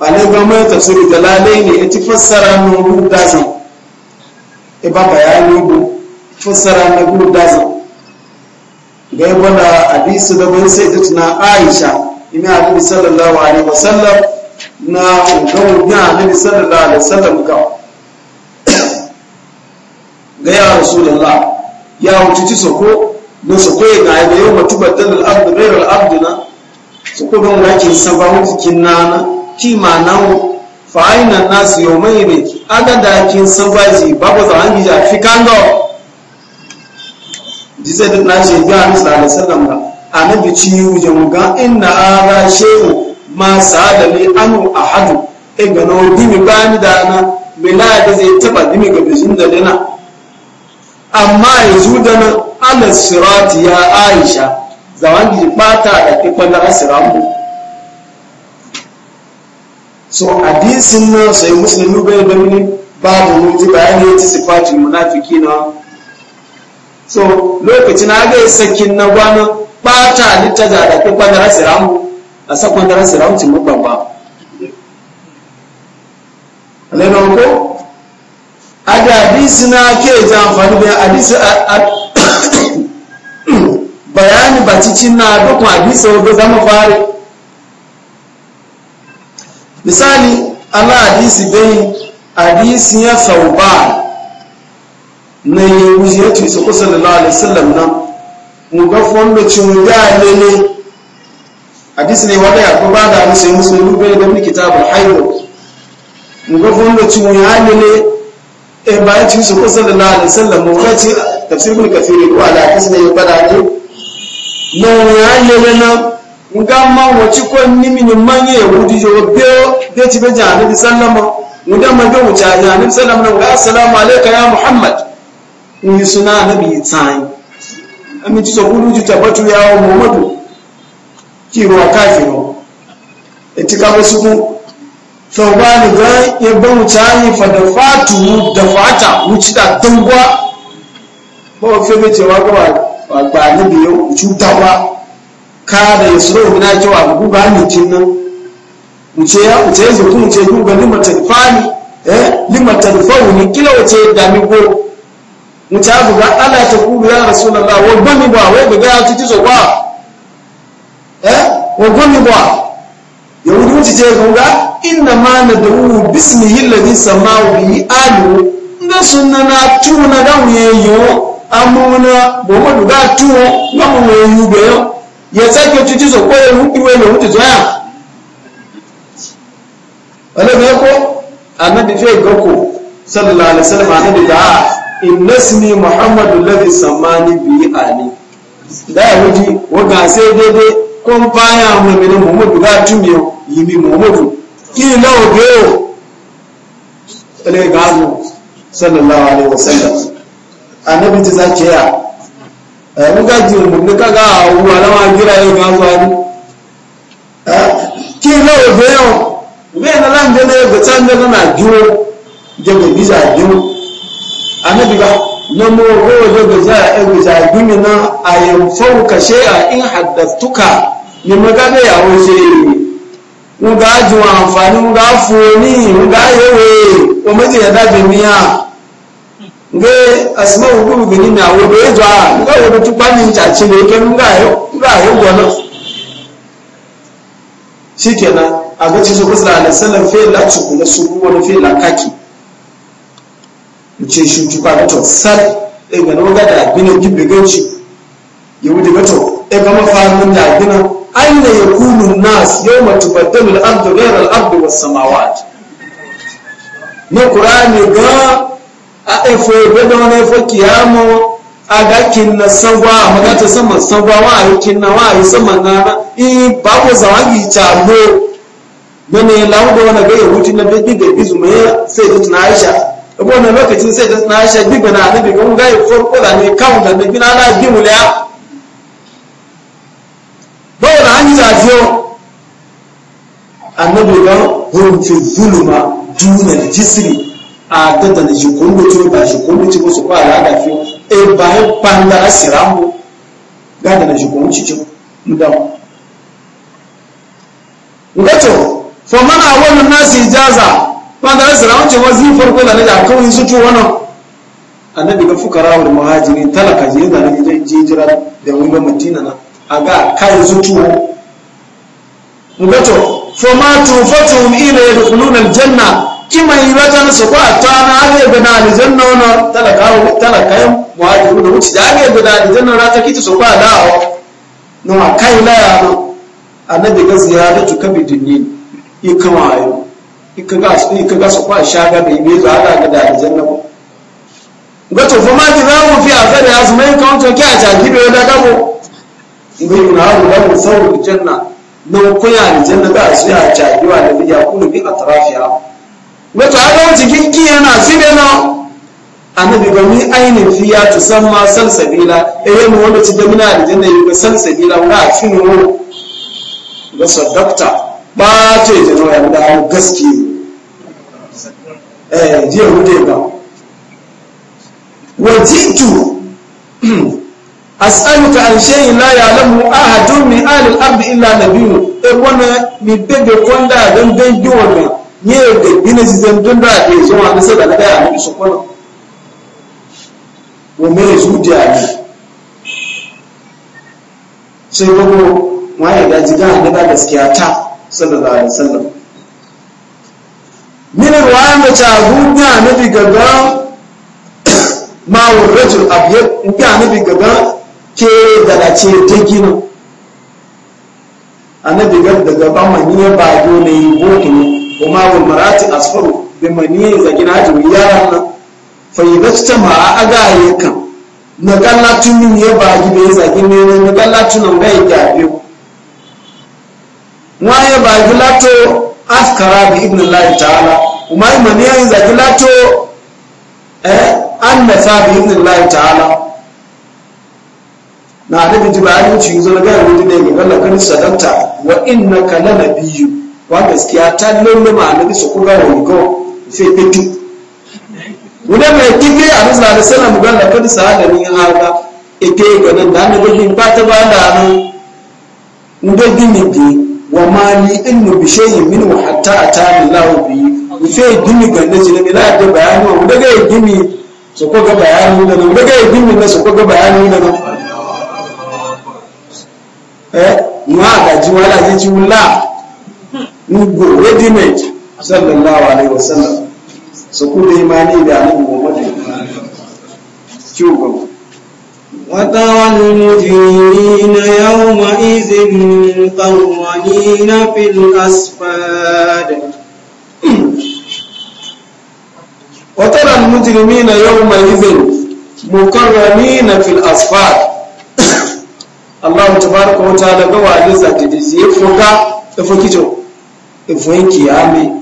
bane gama tafsiri dalalai ne ya ci fassara na gudazan e ba bayani bu fassara na gudazan ga yana hadisu da bai sai ta tuna aisha ina annabi sallallahu alaihi wasallam na gawo ya annabi sallallahu alaihi wasallam ka ga ya rasulullah ya wuce ci soko na soko ya ga yau mutubaddal al-abdu ghayr al-abduna soko don wakin sabahu cikin nana ki ma nawo fa aina mai yawmayn aga da kin sabaji babu za an fi fikango jize da nace biya Musa da salam ba annabi ci wuje mu ga inna ala shehu ma sa'ada li anu ahadu hadu e ga no dimi bani da na bila da zai taba dimi ga bishin da dana amma yanzu da na ala sirati ya Aisha zawangi bata da kifan da asiramu so hadisin nan sai musulmi bai da wani da mutu bayani ya ci sifatin munafiki na so lokacin na ga sakin na gwana bata litta da da kai kwanara siramu a sa kwanara siramu ci baba ba na ko aga hadisin na ke ta amfani da hadisi bayani ba cikin na dukkan hadisi wanda zama fare misali ana hadisi bai hadisi ya sauba na yi wujiyar tuisa sallallahu alaihi sallam nan mu ga fondo cin ya lele hadisi ne wanda ya ko ba da musu musulmi bai da kitabul haihu. mu ga da cin ya lele e bayan cin su sallallahu alaihi sallam mu ga ci tafsir ibn kathir ko ala hadisi ne ya bada ne nan ya lele nan nga ma wace ko nimi ni manye ya wuji yo be be ti be jani bi sallama mu da man mu ta jani bi sallama na ga assalamu alayka ya muhammad ni suna nabi tsai ami ti so bulu ti tabatu ya muhammadu ki ro kafiro eti ka su mu ni ga ya ba mu ta yi fa da fatu da fata mu ci da dangwa ba fe me ce wa ga ba ba ni bi yo ci ta ba kada ya suro guda kyau a gugu ga halittin nan muce ya muce ya zuku ga ni lima fani eh lima tarfawu ni kila wace da mi go muce abu ga Allah ta ku ya rasulullah wa gani ba wa ga ya titi zo ba eh wa gani ba ya wuri mu ce ga inna ma nad'u bismihi alladhi samaa'u bi alu nda sunna na tuna da wuyeyo amuna bo mo duga tuwo yi wuyeyo ya sake cuci so ko ya hudu wai ya hudu zoya wani sallallahu alaihi wasallam annabi da inna ismi muhammadu alladhi samani bi ali da ya hudu waga sai daidai kon baya mu ne muhammadu ga tumiyo yimi muhammadu kini biyo tale gazo sallallahu alaihi wasallam annabi ta ya Eh, muka ji umarni kaga a ruwa na magira yau ga zuwa ni eh, ki na ofe yau ube na nan da na yau can da na juwo da ga bisa juwo annabi ba na mu ko da ga za a e yi bisa juwo na a yau fauka shay'a in haddattuka ni magana ya wuce mu ga ji amfani mu ga foni mu ga yawe o mace da dabe miya nge asima wo bu bini na wo be a nga wo do tupa ni cha chi le ke nga yo nga yo gona shikenan a ga cikin kusa da sanar fela ciku na suru wani fela kaki ce shi tuka da to e ga noga da bina gibe ganci ya wuce e ga mafarin da bina aina yakunu nas yawma tubaddalu al-ardu ghayra al-ardu was-samawati ne qur'ani ga a efo ebe da wani efo kiyamo a ga kinna sangwa a magata saman sangwa wa a yi kinna wa a yi saman nana in ba ku zawagi calo mana ya lawo da wani gaya hutu na bai diga izu mai sai da tuna aisha e abu wani lokacin sai da tuna aisha diga na anabi kan gaya farko da ne kawun da nabi na ala bi mulya bawo na hanyar zafiyo annabi ga hulun fi zuluma dunar jisiri. a da na jikundu ci ba jikundu ci wasu kwa al'ada fi e eh, ba ya banda a siramu gada na jikundu ci ci da ngato fo mana wannan nasi jaza panda a siramu ce wazi farko da na da kawai su ci wannan annabi ga fukara wal muhajiri talaka je da je jijira da wani madina na aga kai su ci ngato fo ma tufatu ila yadkhuluna aljanna kima yi rajan su ko a tana ake gana alijan na wani talakayen muhajiru da wuce da ake gana alijan na ta kitu su ko a dawo na wa kai laya na annabi ga ziyara tu kabi dinni ikama ayo ikaga su ikaga su ko a shaga bai bai za ga da alijan na ko gato fa ma ki za mu fi fara azmai mai wanto ki a jaki bai da gabo bai na haru da mu sauri janna na kuya alijan na ga su ya jaki wa da biya kullu bi atrafiya Wata a yau cikin ki yana sibe na annabi ba ni ainihin fiya ta san ma sabila e eh, yi mu wanda cikin muna aljanna yi ga sabila wanda a fi yiwu ga sadakta ba ce zo ya da hau gaske eh jiya hude ba wajitu ta an shay'in la ya'lamu a min ahli al-ardi illa Nabiyu. e eh, wani mi bebe kwanda don dangiwa giwa ní èdè nínú ṣiṣẹ́ tó ń dára kí èso wọn ṣe dàgbà àwọn ìṣọpọ̀nà wọn mú èso di àyè ṣe gbogbo wọn yẹ dájú gáà nígbà gaskiya ta sallallahu alaihi wasallam nínú ruwayan da ta gúgbí ànábì gaba mawar rajul abiyar gúgbí bi gaba ke dalace ta gina annabi gaba daga ban maniyar ba dole yi bokin kuma wal marati asfaru bi mani zagina haji yaran nan fa idasta ma aga yakan na kalla tunin ya ba gi be zagin ne na kalla tunan eh, ga ya wa ya ba gi lato askara bi ibn allah ta'ala kuma mani ya zagi lato eh an sa bi ibn allah ta'ala na da bi ji ba ya ci zo na ga ya da ne ga kan sadanta wa innaka lanabiyyun wa gaskiya ta lullu ma annabi su wa wani ko sai fitu wanda mai kife a nisa da sallam ga da kada sa da ni haka ite ga nan da annabi bin ba ta ba da nan inda gini bi wa mali innu bi shay'in min wa hatta atani lahu bi sai gini ga nan jinin la da bayani wanda ga gini su ko ga bayani da nan daga gini na su ko ga bayani da nan eh mu ga ji wala ji wala mugu ready made sallallahu alaihi wasallam su ku da imani da annabi Muhammad kyugo وترى المجرمين يومئذ مقرنين في الأسفاد وترى المجرمين يومئذ مقرنين في الأسفاد الله تبارك وتعالى قوى عزيزة تدزيه فوقا فوقيته ifoyin kiyame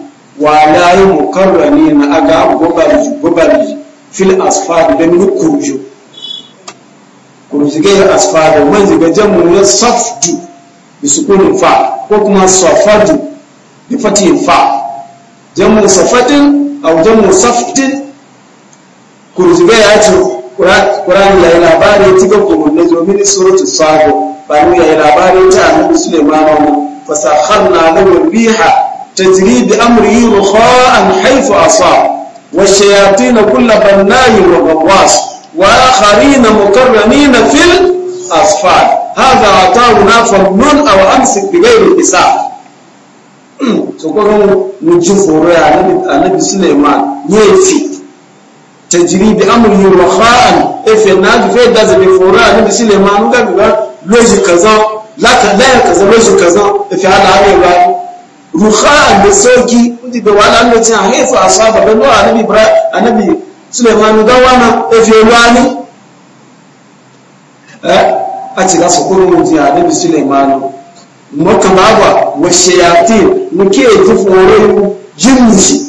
wala yi mukarrani na aga gobarji gobarji fil asfar da mini kurju kurju ga yi asfar wani ziga jamu ya saftu bi sukunin fa ko kuma safadu bi fati fa jamu safatin au jamu saftin kurju ga ya ce Kur'ani ya yi labarin ta ga kurju na domin suratu sabo ba ni ya yi labarin ta annabi Sulaiman فسخرنا له الريح تجري بأمره رخاء حيث أصاب والشياطين كل بناء وغواص وآخرين مكرمين في الأصفاد هذا عطاؤنا فمن أو أمسك بغير حساب to kwakwan mujin horo ya annabi suleiman ya fi ta jiri da amurin rafa'an efe na gafe da zabe horo annabi suleiman ga gaba lojika za laka laya kaza mashi kaza da fi hana hanyar ba ruha da sauki kudi da wani an lokacin a haifa a saba ban nuna anabi ibrahim anabi suleimanu gawa na efe wani eh, a ce za su kuru mutu ya anabi suleimanu maka baba wa shayati muke ji foro jinnishi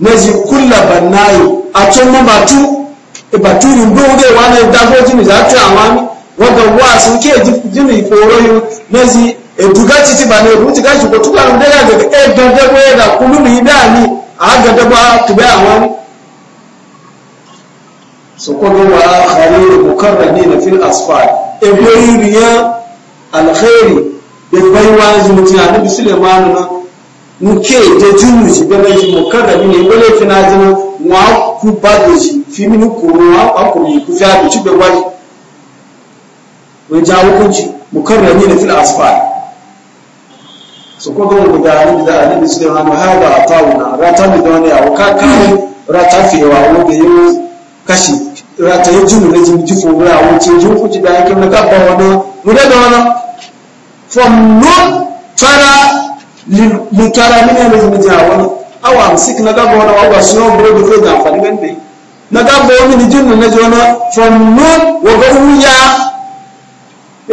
na ji kulla bannayi a tun mabatu ibaturin e dogewa na e dago jini za ta amami wagagwa sun ke jini koroyo nazi eduga titi ba ne ruti gashi ko tuka ru daga daga e gaga ko da wa khalil mukarrabin fil asfar e boyiriya alkhairi da baiwa na da jinu shi da ne bale fina jinu wa shi fi min ko wa ku ku fi ku fi da wai ja hukunci mukarrami da fil asfar su ko ga da hannun da annabi da ha ga atawuna rata mi a waka kai rata yi kashi rata yi jinu jin da yake na wani mu da wani from fara da zama wani awa na su da zai da amfani na da jinu jona from ga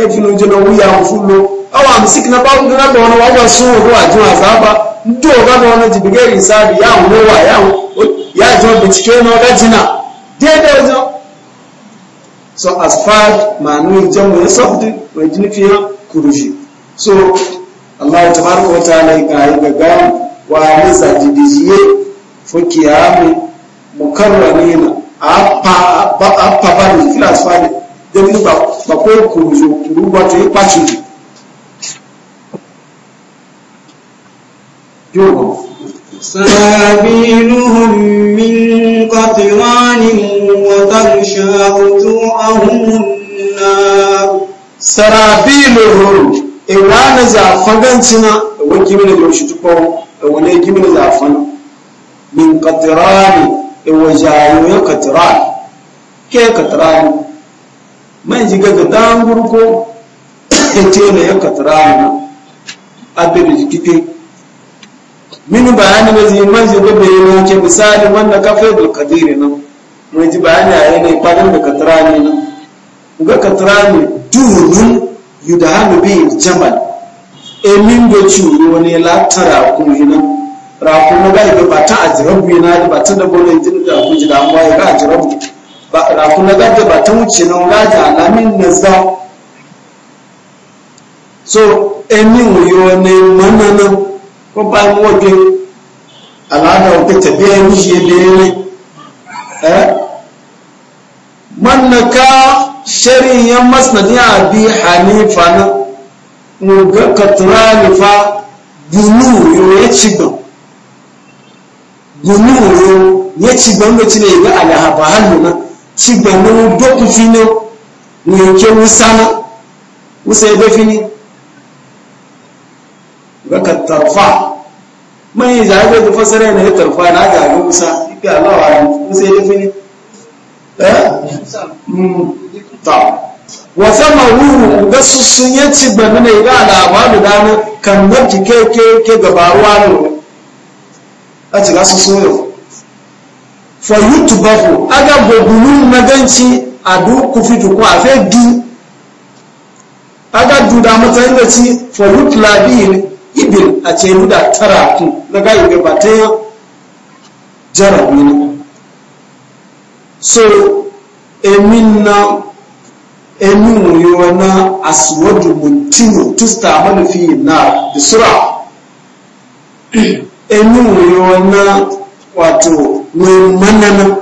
ejinu jina wuya ufulo awa msiki na babu na kwa wana wawa suwa kwa ajuna azaba ndu na wana jibigeri isabi ya unewa ya ya ajuna bichikena waka jina dede wajo so as far manu ijamu ya softi wajini fiya kurushi so Allah tabaraka wa ta'ala ikaiga gani wa aliza jidijiye fuki ya ami mukarramina apa apa bani filasfani dem nígbà pàpọ̀ òkùnrin òkùnrin gbọ́tò ìpàtì yóò wọ́n. سابيلهم من قطران وتغشى وجوههم النار سرابيلهم إوانا زعفقنتنا وكيمنا جوشي تقوم ونجيمنا زعفنا من قطران وجايو قطران كيف قطران man jiga ga danguru ko ce ne ya katrana abin jikike min bayani ba zai man jiga da yi ke misali wanda ka fai da kadiri nan mai ji bayani a yanayi fadar da ne nan ga katrani dunun yudahamu biyu jamal emin da ciwo wani latara kuma nan rakuma ga ba ta ajirabu yana da ba ta da bolin jin da ku amma ya ga ajirabu ba karatu na gaja ba ta wuce nan gaja na min na za so emi wuyo ne manana ko ba mu wote alada wote ta biya ni je de ne eh ka shari ya masnadi abi hanifa na mu ga katra ni fa bunu yo ya ci ba bunu yo ya ci ba mu ci ne ga alaha ba hannu na ci gbẹ̀mú mu fínà ní òkè wúsánà wúsá ẹgbẹ́ fínì rẹ̀kà tàrfà mẹ́yìn ìjà ẹgbẹ́ tó fọ́sẹ́rẹ́ ẹ̀nà ẹ̀ tàrfà náà jà àgbẹ̀ wúsá ipe aláwọ̀ àrùn wúsá ẹgbẹ́ fínì ẹ́ tà wọ́n fẹ́ máa wúrù ga sussun yẹn ci gbẹ̀mú na ba àlàbà dana kàn ke-ke-ke gabaruwa lò láti ga sussun yau. fọ̀yútù bọ́fù agagbògbùnú magánci àdókùfí tukú àfẹ́ dù agagbùdà mọ́tàrí da ci fọ̀yútù lábí ibìn àti ẹlúdà tara kù lọ́gá ìgbẹ̀ ya jara nínú so emi na ẹnu òyìnwó na àsìwọ́dù mọ̀tínù tó sta mọ́lùfí náà bìsúra ẹnu òyìnwó na wato mai manana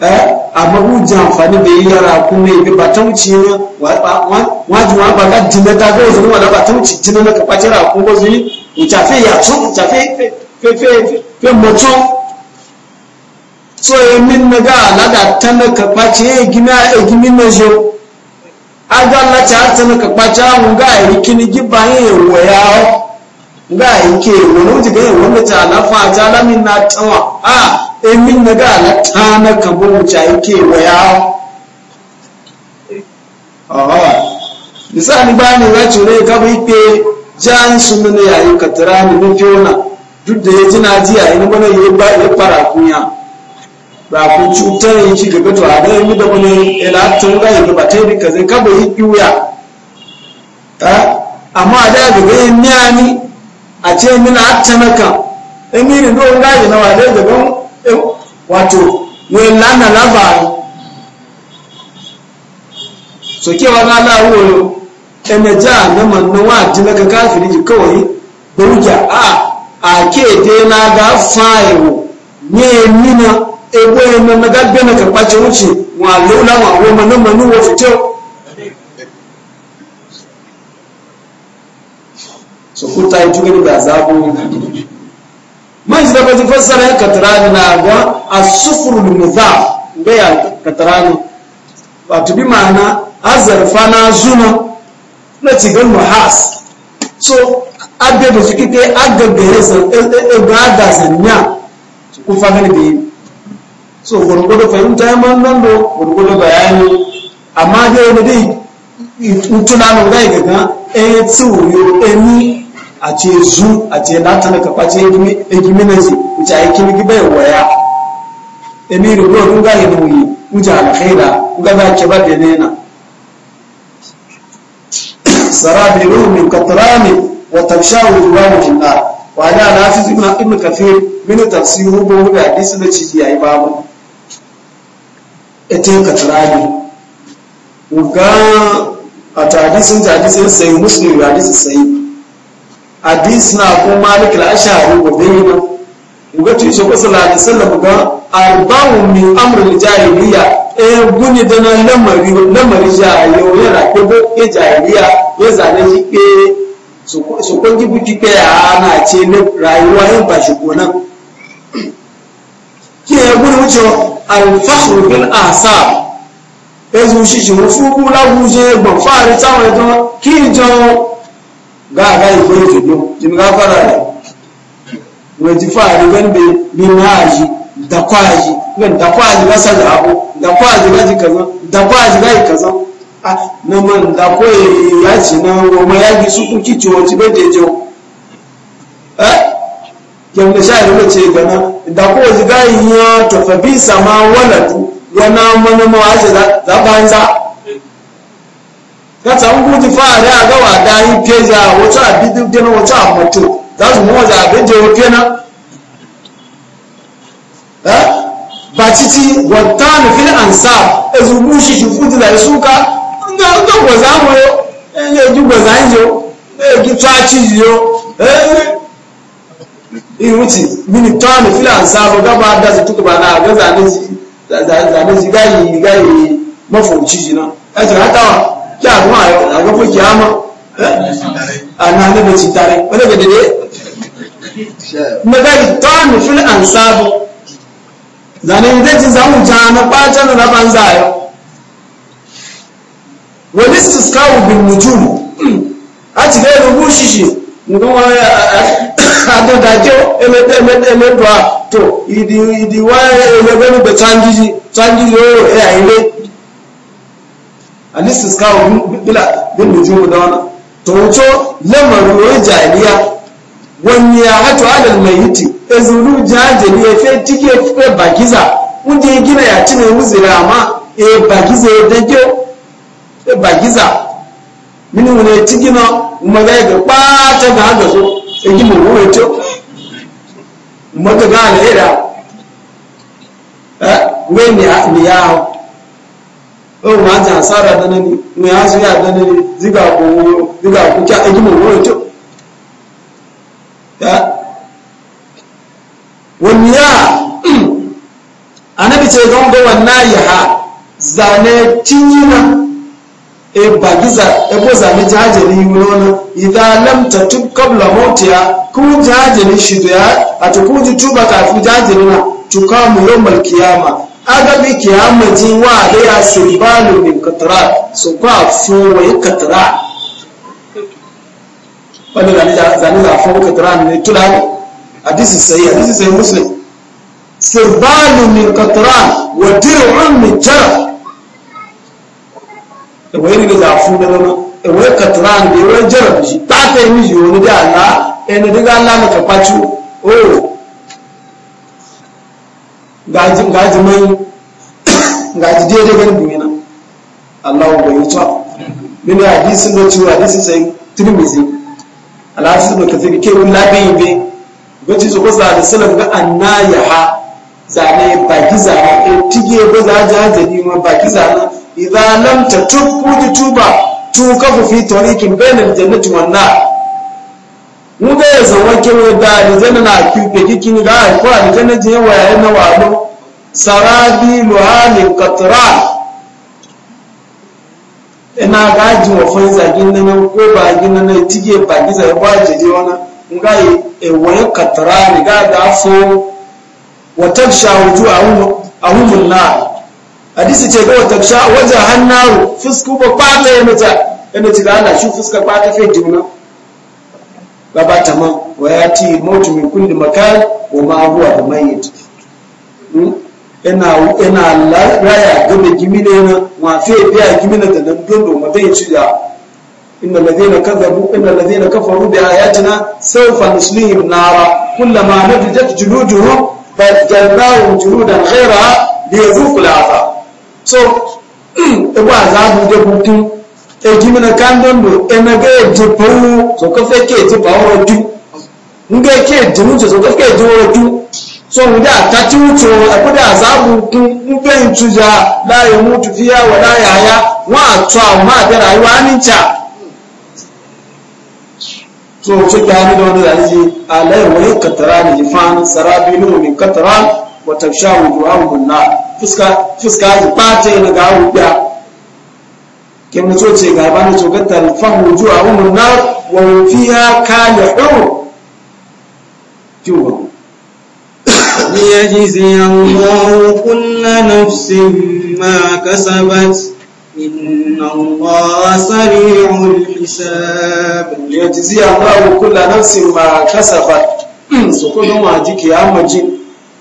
eh, amma ku ji amfani da yara kuma yi ba ta wuce ne waju wa ba ka jina ta ga wasu wala ba ta wuce jina na kafa jira ko ba zai utafe ya tun utafe fe fe fe mutum so ya min na ga alada ta na kafa ce ya gina ya gini na zo a ga lati har ta na kafa ce a mun ga a yi kini gibayen ya waya ga yake wani ji ga yawan da talafa jalamin na tawa a emin na ga latta na kabo wuce yake ya misali ba ne za ci rai gaba ikpe jan su mini yayin katara ne na wana duk da ya ji na ji yayin wani ya ba ya fara kunya ba ku cutar yin ci gaba to a ga yi da wani ilatun ga yi ba ta yi kaza kaba yi kiwuya amma da ga yin ni. a ce mina acanaka emirin do ngaji na wale daga eh, wato wai lana labari so kewa na lawolo emeja na manna wa jinaka kafiri ji kawai buja a a ke de na ga fayo ne nina ebo e na na ga bena ka kwace wuce wa lola wa goma na manu wa fito su kuta yi tukani ba zaɓo man shi dafa fassara ya katarani na agwa a sufuru muza ga ya katarani ba tu bi ma'ana azarfa na zuna na cigar muhas so abin da suke kai agagare gada zanya su kufa gani da yi so gwargwado fahimta ya man nan da gwargwado bayani amma dai wani dai tunanu ga gaga ɗaya e, tsiwuyo ɗaya a ce zu a ce latana ka kafa egimi na wuce a yi kini gibe waya emiri ko kun ga nuyi wuyi wuce alkhaira kun ga za ba da nena sarabi rumin katrani wa tabshawu ruwan jinna wa da na fi zuna ibn kafir min tafsiru bo da hadisi da ciki yayi babu ete katrani uga a ta hadisin ta hadisin sai muslim hadisin sai hadisi na ko malik al-ashari wa mu ga tu ko sallallahu alaihi wasallam ga arba'u min amr al-jahiliya e guni da nan lamari lamari jahiliya ya ra ko e jahiliya ya zane shi ke eh, su ko gibi ki ke ana ce ne rayuwa yin ba shi ko nan ke ya guni wuce al-fakhru bil asab ezu shi shi mufu la guje gbo fari tawo don ki jo Gaga ga ko jido jin ga fara ne wa ji fari gande min haji da kwaji nan da kwaji ba sa da abu da kwaji ba ji kaza da kwaji ba kaza a na man da ko ya ci na wa ya gi su ku ki ci wati bai dejo eh yan da sha'ir ba ce gana da ko ji ga ya to fa bi sama walatu yana mana ma za za banza kata nguti fare agawa dai peja wata bidu dena wata moto mu moja abeje opena eh ba titi wattan fil ansab ezubushi shifuti da suka nga nga goza mo yo ne ju yo njo ne kwa tachi yo eh iwuti mini tan fil ansab ga ba da su tuka na ga zane zi zane zi gayi gayi mafuci jina ajira tawa kí àwọn àgọ́pọ̀ kì á mọ̀ àná anábẹ̀ ti tarí wọ́n lẹ́gbẹ̀ẹ́ dédé mẹ́fẹ́ ìtọ́nù fún ànsáàbù zanen zai ci zamu jana ɓacin na banzayo wani su kawo bin mutum a ci ga rubu shi shi nǹkan wọn adọ́dájọ́ ẹlẹ́dọ́à tó ìdíwá ẹlẹ́gbẹ́rún bẹ̀ tsanjiji tsanjiji ó ẹ̀ ne. alisis kawo bila bin nujumu da wani to wuce lamarin wani jariya wani ya hatu alal mai yiti ezuru jajiri ya fe tike fe bagiza wanda ya gina ya cina wuzira amma e bagiza ya dage e bagiza mini wani tiki na umaga ya ga kpata ga haka so e gina wuwe to umaga ga al'ira eh wani ya hau o ma ta asara dana nani, mu ya su ya dana ni ziga ko ziga ko ta aiki mu wo to ya wanya anabi ce zan ga wannan ya ha zane tinyina e bagiza e bo zane jajeli na idha lam tatub qabla mautiha ku jajeli shido ya A atukuji tuba kafin jajeli na tukamu yawmal qiyamah agabi kiyamati wa alaiha sulbanu min katara so kwa fun wa yi katara wani zane za fun katara ne tula ne hadisi sai hadisi sai muslim sulbanu min katara wa dir'un min jara da wani ne za fun da wani ewe katara ne ewe jara shi ta ta yi miji wani da ala ẹni daga ala na kapaci o oh. gaji gaji mai gaji daidai ganin dunyana Allah wa bayu ta min hadisin da cewa hadisin sai tirmizi alhasis da kathir ke wani labiyin be gwaji su kusa da salam ga annayaha zane baki zane in e tige ba za a ji hajjali ma baki zane idan lam ta tuba tuba tu kafu fi tariqin bainal jannati wan nar muga ya zama kewa da alizana na kyuke kikin ga haifu alizana je yawa yayin na walo sarabi luhani katra ina gaji wa fai zagin na nan ko bagin na nan tige bagi zai ba jeje wana muga yi ewaye katra ni ga da fo wata shawuju a hunun na hadisi ce ga wata sha wajen hannaru fusku ba kwata ya mata yana ci da ana shi fuska kwata fai juna baba tamam wa yati mautu min kulli makan wa ma huwa bi mayyit hmm? ina ina raya gobe gimine na ma fe biya gimine da nan dondo ma dai ci da inna alladhina kadhabu inna alladhina kafaru bi ayatina sawfa nuslihim nara kullama nadijat juluduhum badalnahum juludan ghayra liyadhuqu al'adha so ibu e azabu da mutum. do ga egimina kandondo so ka fe ke ejepa orodu nge ke ejemucho sokofe ke eje orodu so nde atati ucho akude azabu ku mu fe ntu da mpe ntuja laye mutu fiya wala ya wa atwa ma abia rayuwa cha so ce ka ni don da ji alai wa wa yin kataran lifan sarabinu ni katara wa tafshawu du'a bunna fuska fuska ji pate na gawo biya ke mu hmm, so ce gaba ne cogatta fahimu juwa umun na wa fiya kale ɗau kiwa ليجزي الله كل نفس ما كسبت إن الله سريع الحساب ليجزي الله كل نفس ما كسبت سكون ما جيك يا مجي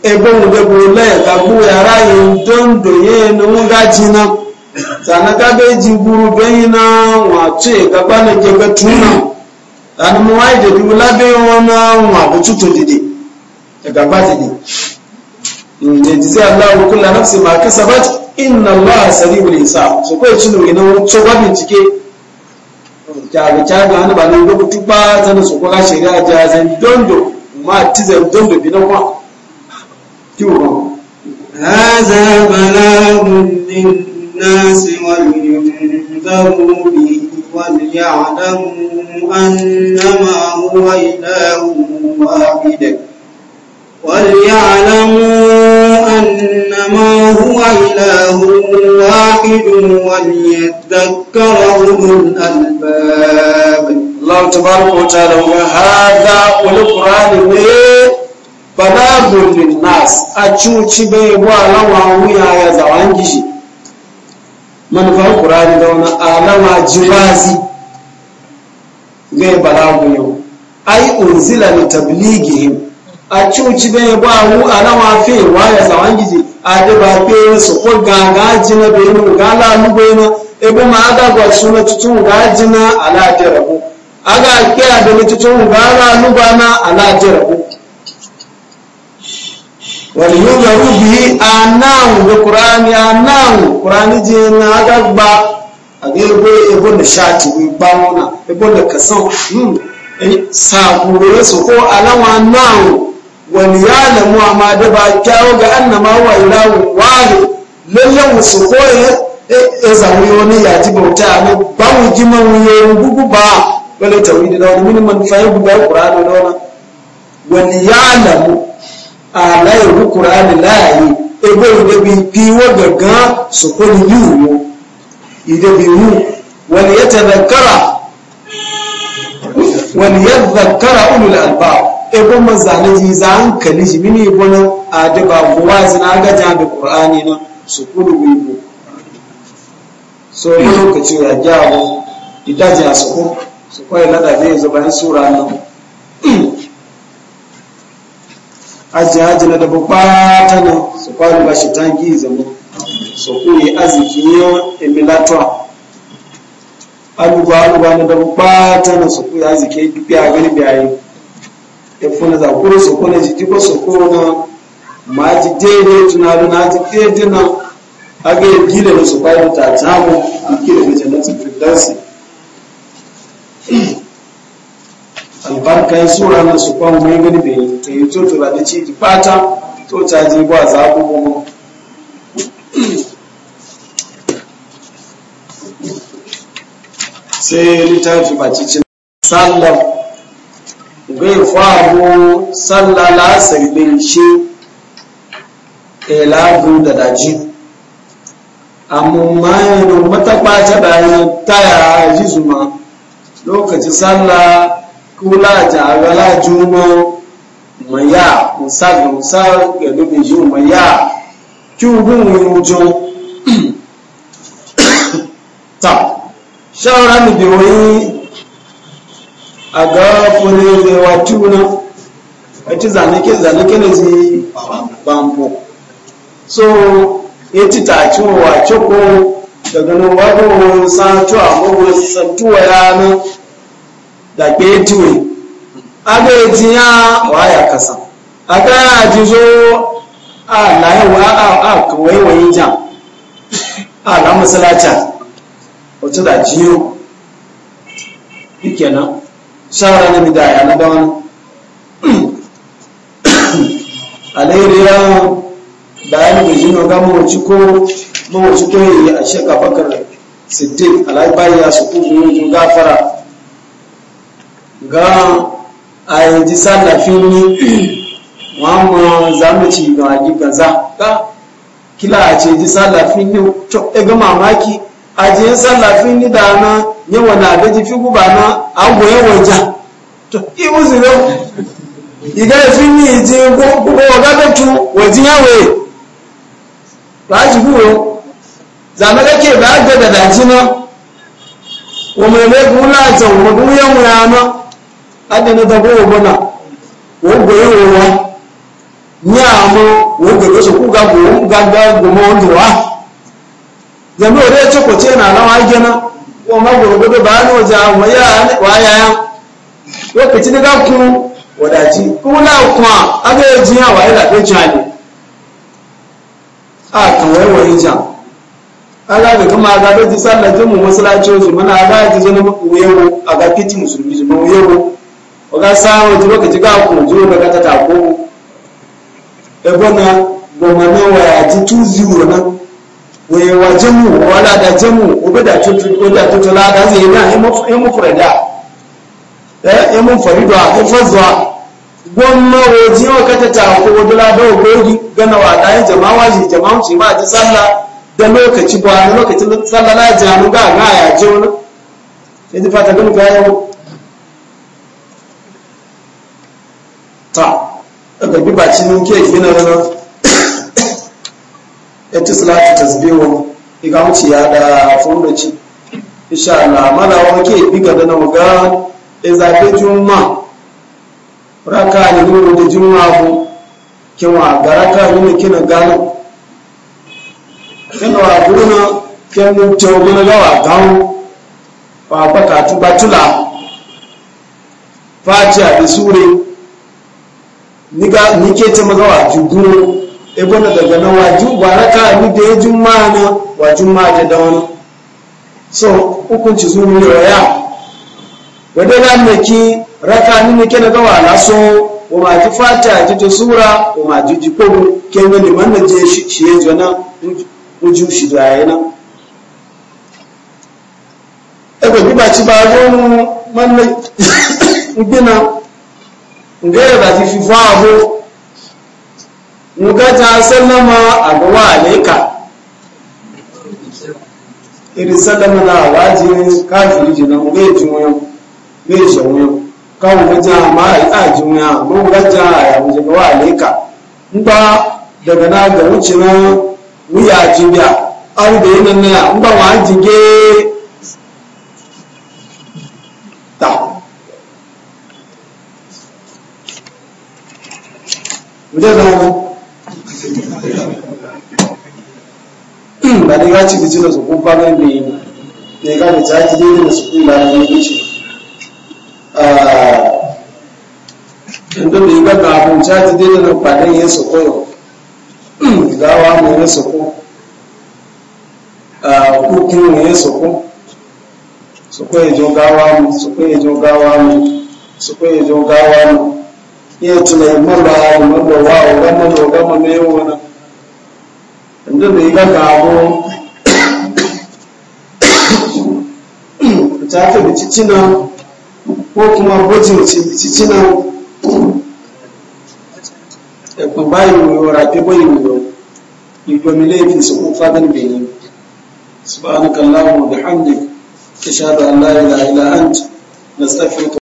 ebe mu da bola ya gabu ya rayin don doye na wuga jinan sannan ka ga ji guru bai na wato ya gaba na ke ga tuna sannan mu wai da dubu labe wani wato to dide ga ba dide ne ji sai Allah ku kullu nafsi ma kasabat inna Allah sari'ul insa so ci no ina wato ba bincike caga caga wani ba nan gobe tuba zan so ko ga ja jazan dondo ma tizan dondo bi na kwa kiwo هذا بلاغ من الناس ولينذروا به وليعلموا أنما هو إله واحد وليعلموا أنما هو إله واحد وليذكر أولو الألباب الله تبارك وتعالى وهذا القرآن balagun linnas a cuci bai wa lawa wuya ya manufan ƙurari da wani alama jirazi gai balagu yau ai unzila ni tabligihim a cuci bai ba wu alama fe waya tsawon gizi a da ba fe su ko gagaji na bai mu gala mu bai na e ma aga suna tutun gaji na alajirabu aga kiya da tutun gala mu ba na alajirabu wàlìyúnzọ̀rú bí anáhùn ló kùránì anáhùn kùránì jẹ́ náà agbágbá àbí ẹgbẹ́ ẹgbẹ́ nà ṣáàtì gbá wọn náà ẹgbẹ́ nà kẹsàn sàkùnrin sọ aláwọn anáhùn wani ya lamu a da ba kyawo ga annama wa ilahun wahi yaji su bauta ne ba mu ji man ba wani alayin rukura da layayi ebe idabi piwa gaga su kwani yiwu idabi mu wani ya tazakara wani ya zakara ulul alba ebe mazane ji za hankali shi mini ibonu a daba kuwa zina gaja da ƙur'ani na su kudu wiwu so lokaci ya gyawo idaji a su kwa ilada zai zuba in sura nan hajji hajji na da bukata na su kwari ba shi tangi zama su kuyi arziki ne emilatwa aluba aluba na da bukata na su kuyi arziki biya gani biyayi ya funa za kuru su kuna jiki ko su kuna ma ji daidai tunanu na ji daidai na aga yi gina da su kwari ta tamu gina da jannatin firdausi albarka ya sura na su kwan mai gani bai ta yi tutura da ci fata to ta ji ba za ku kuma sai littafi ba cikin sallar bai faru sallar lasar bin shi elagu da daji amma yana mataɓa ta bayan taya jizuma lokacin sallah kula jagala jumo maya musaga musaga gado beju maya kyugun yujo ta shawara mi biyoyi a ga fune wa tuna ati ke, zanike ke ne zi bambo so eti ta ciwo wa ciko daga nan wago sa ciwo a mago sattuwa na? da ke tuwe aga etinya waya kasa aga aji zo a layewa a a kawaiwayi jan a na masalata wata da jiyo kenan shawara na midaya na dawan alairiya bayan da jino ga mawaci ko mawaci ko yi a shekabakar siddiq alaibayi ya su kuma gafara ga a yanzu sallafin ni wamma za mu ci ga gaza ga kila a ce ji sallafin ni to ga mamaki a sallafin ni da na yawa na gaji fi guba na agwaye wajen to i uzuro iga Za ni iji gbogbo ọgábẹ̀tù da láti na? Wa bá gbẹ̀dẹ̀dà jíná wọ́n mẹ́lẹ́gùn láàtọ̀ wọ́n mẹ́lẹ́gùn yẹ̀wọ̀n yàmọ́ adana dabo wona ga ga nyaamo wogege wa ya gomondwa jami ore ko ce na na? ala wajana woma gorogodo baani oja waya Wa ya ne ka kun wadaji kumuna kwa aga ejiya waye la pe jani a kan waye waye ja. ala ga kuma ga da ji sallah jin mu masallaci mana ga ji zo na a aga kiti musulmi mu wuyewo oga samu ti lokaci ga ku ju ga ta ta ko e bona goma na waya ji tu zero da jamu obe da tutu da tutu la da zai na e mu furada e mu farida e, e, e, e sallah da lokaci ba lokacin sallah la janu ga ta daga bi baci nun na gina wani ya ci salatu wa iga wuce ya da fundaci isha na mana wa ke bi gada na muga e zabe juma raka ni nuna da juma ko kinwa ga raka nuna kina gano kinwa gona kẹmu tẹ ogun lọ́wà gáhùn fàápàkà túbátúlà fàájì sure. nika nike ce maza waju guru ebo na daga na waju baraka ni da yajin mana wajin ma da da wani so hukunci su ne ya wadana na ki raka ni nike na gawa na so wa ma ji fata ji ta sura wa ma ji ji kogo kenan man na je shi ya jona uju shi da yana ebe bi ba ci ba zo mun na gbina ngaya ba ti fi fa abu nuka ta sallama a gawa alaika iri sallama na waje kafiri jina mu jimuyo ngaya shawuyo kawo wajen ma a yi a jimuya ma wajen a ya waje gawa alaika in daga na ga wuce na wuya jibiya abu da yi nan na in ba wa jige zai zama ko hmm, ba dai ya ci bici da su ko ba ne ka da jaki dai da su ko ba ne ne ci ah inda bai ga ga abun da ba dan yin su ko hmm, gawa mai yin su ko ah ko kin su ko su jo gawa su jo gawa su jo gawa iya tunai mamba mamba wa ogama na ogama na yawa na inda da iga ka abu ta ta bi cicina ko kuma gwajin cicina da ku bayi wuyo rafi bayi wuyo igwami laifin su ko fadar benin subhanakallahumma bihamdik ashhadu an la ilaha illa anta nastaghfiruka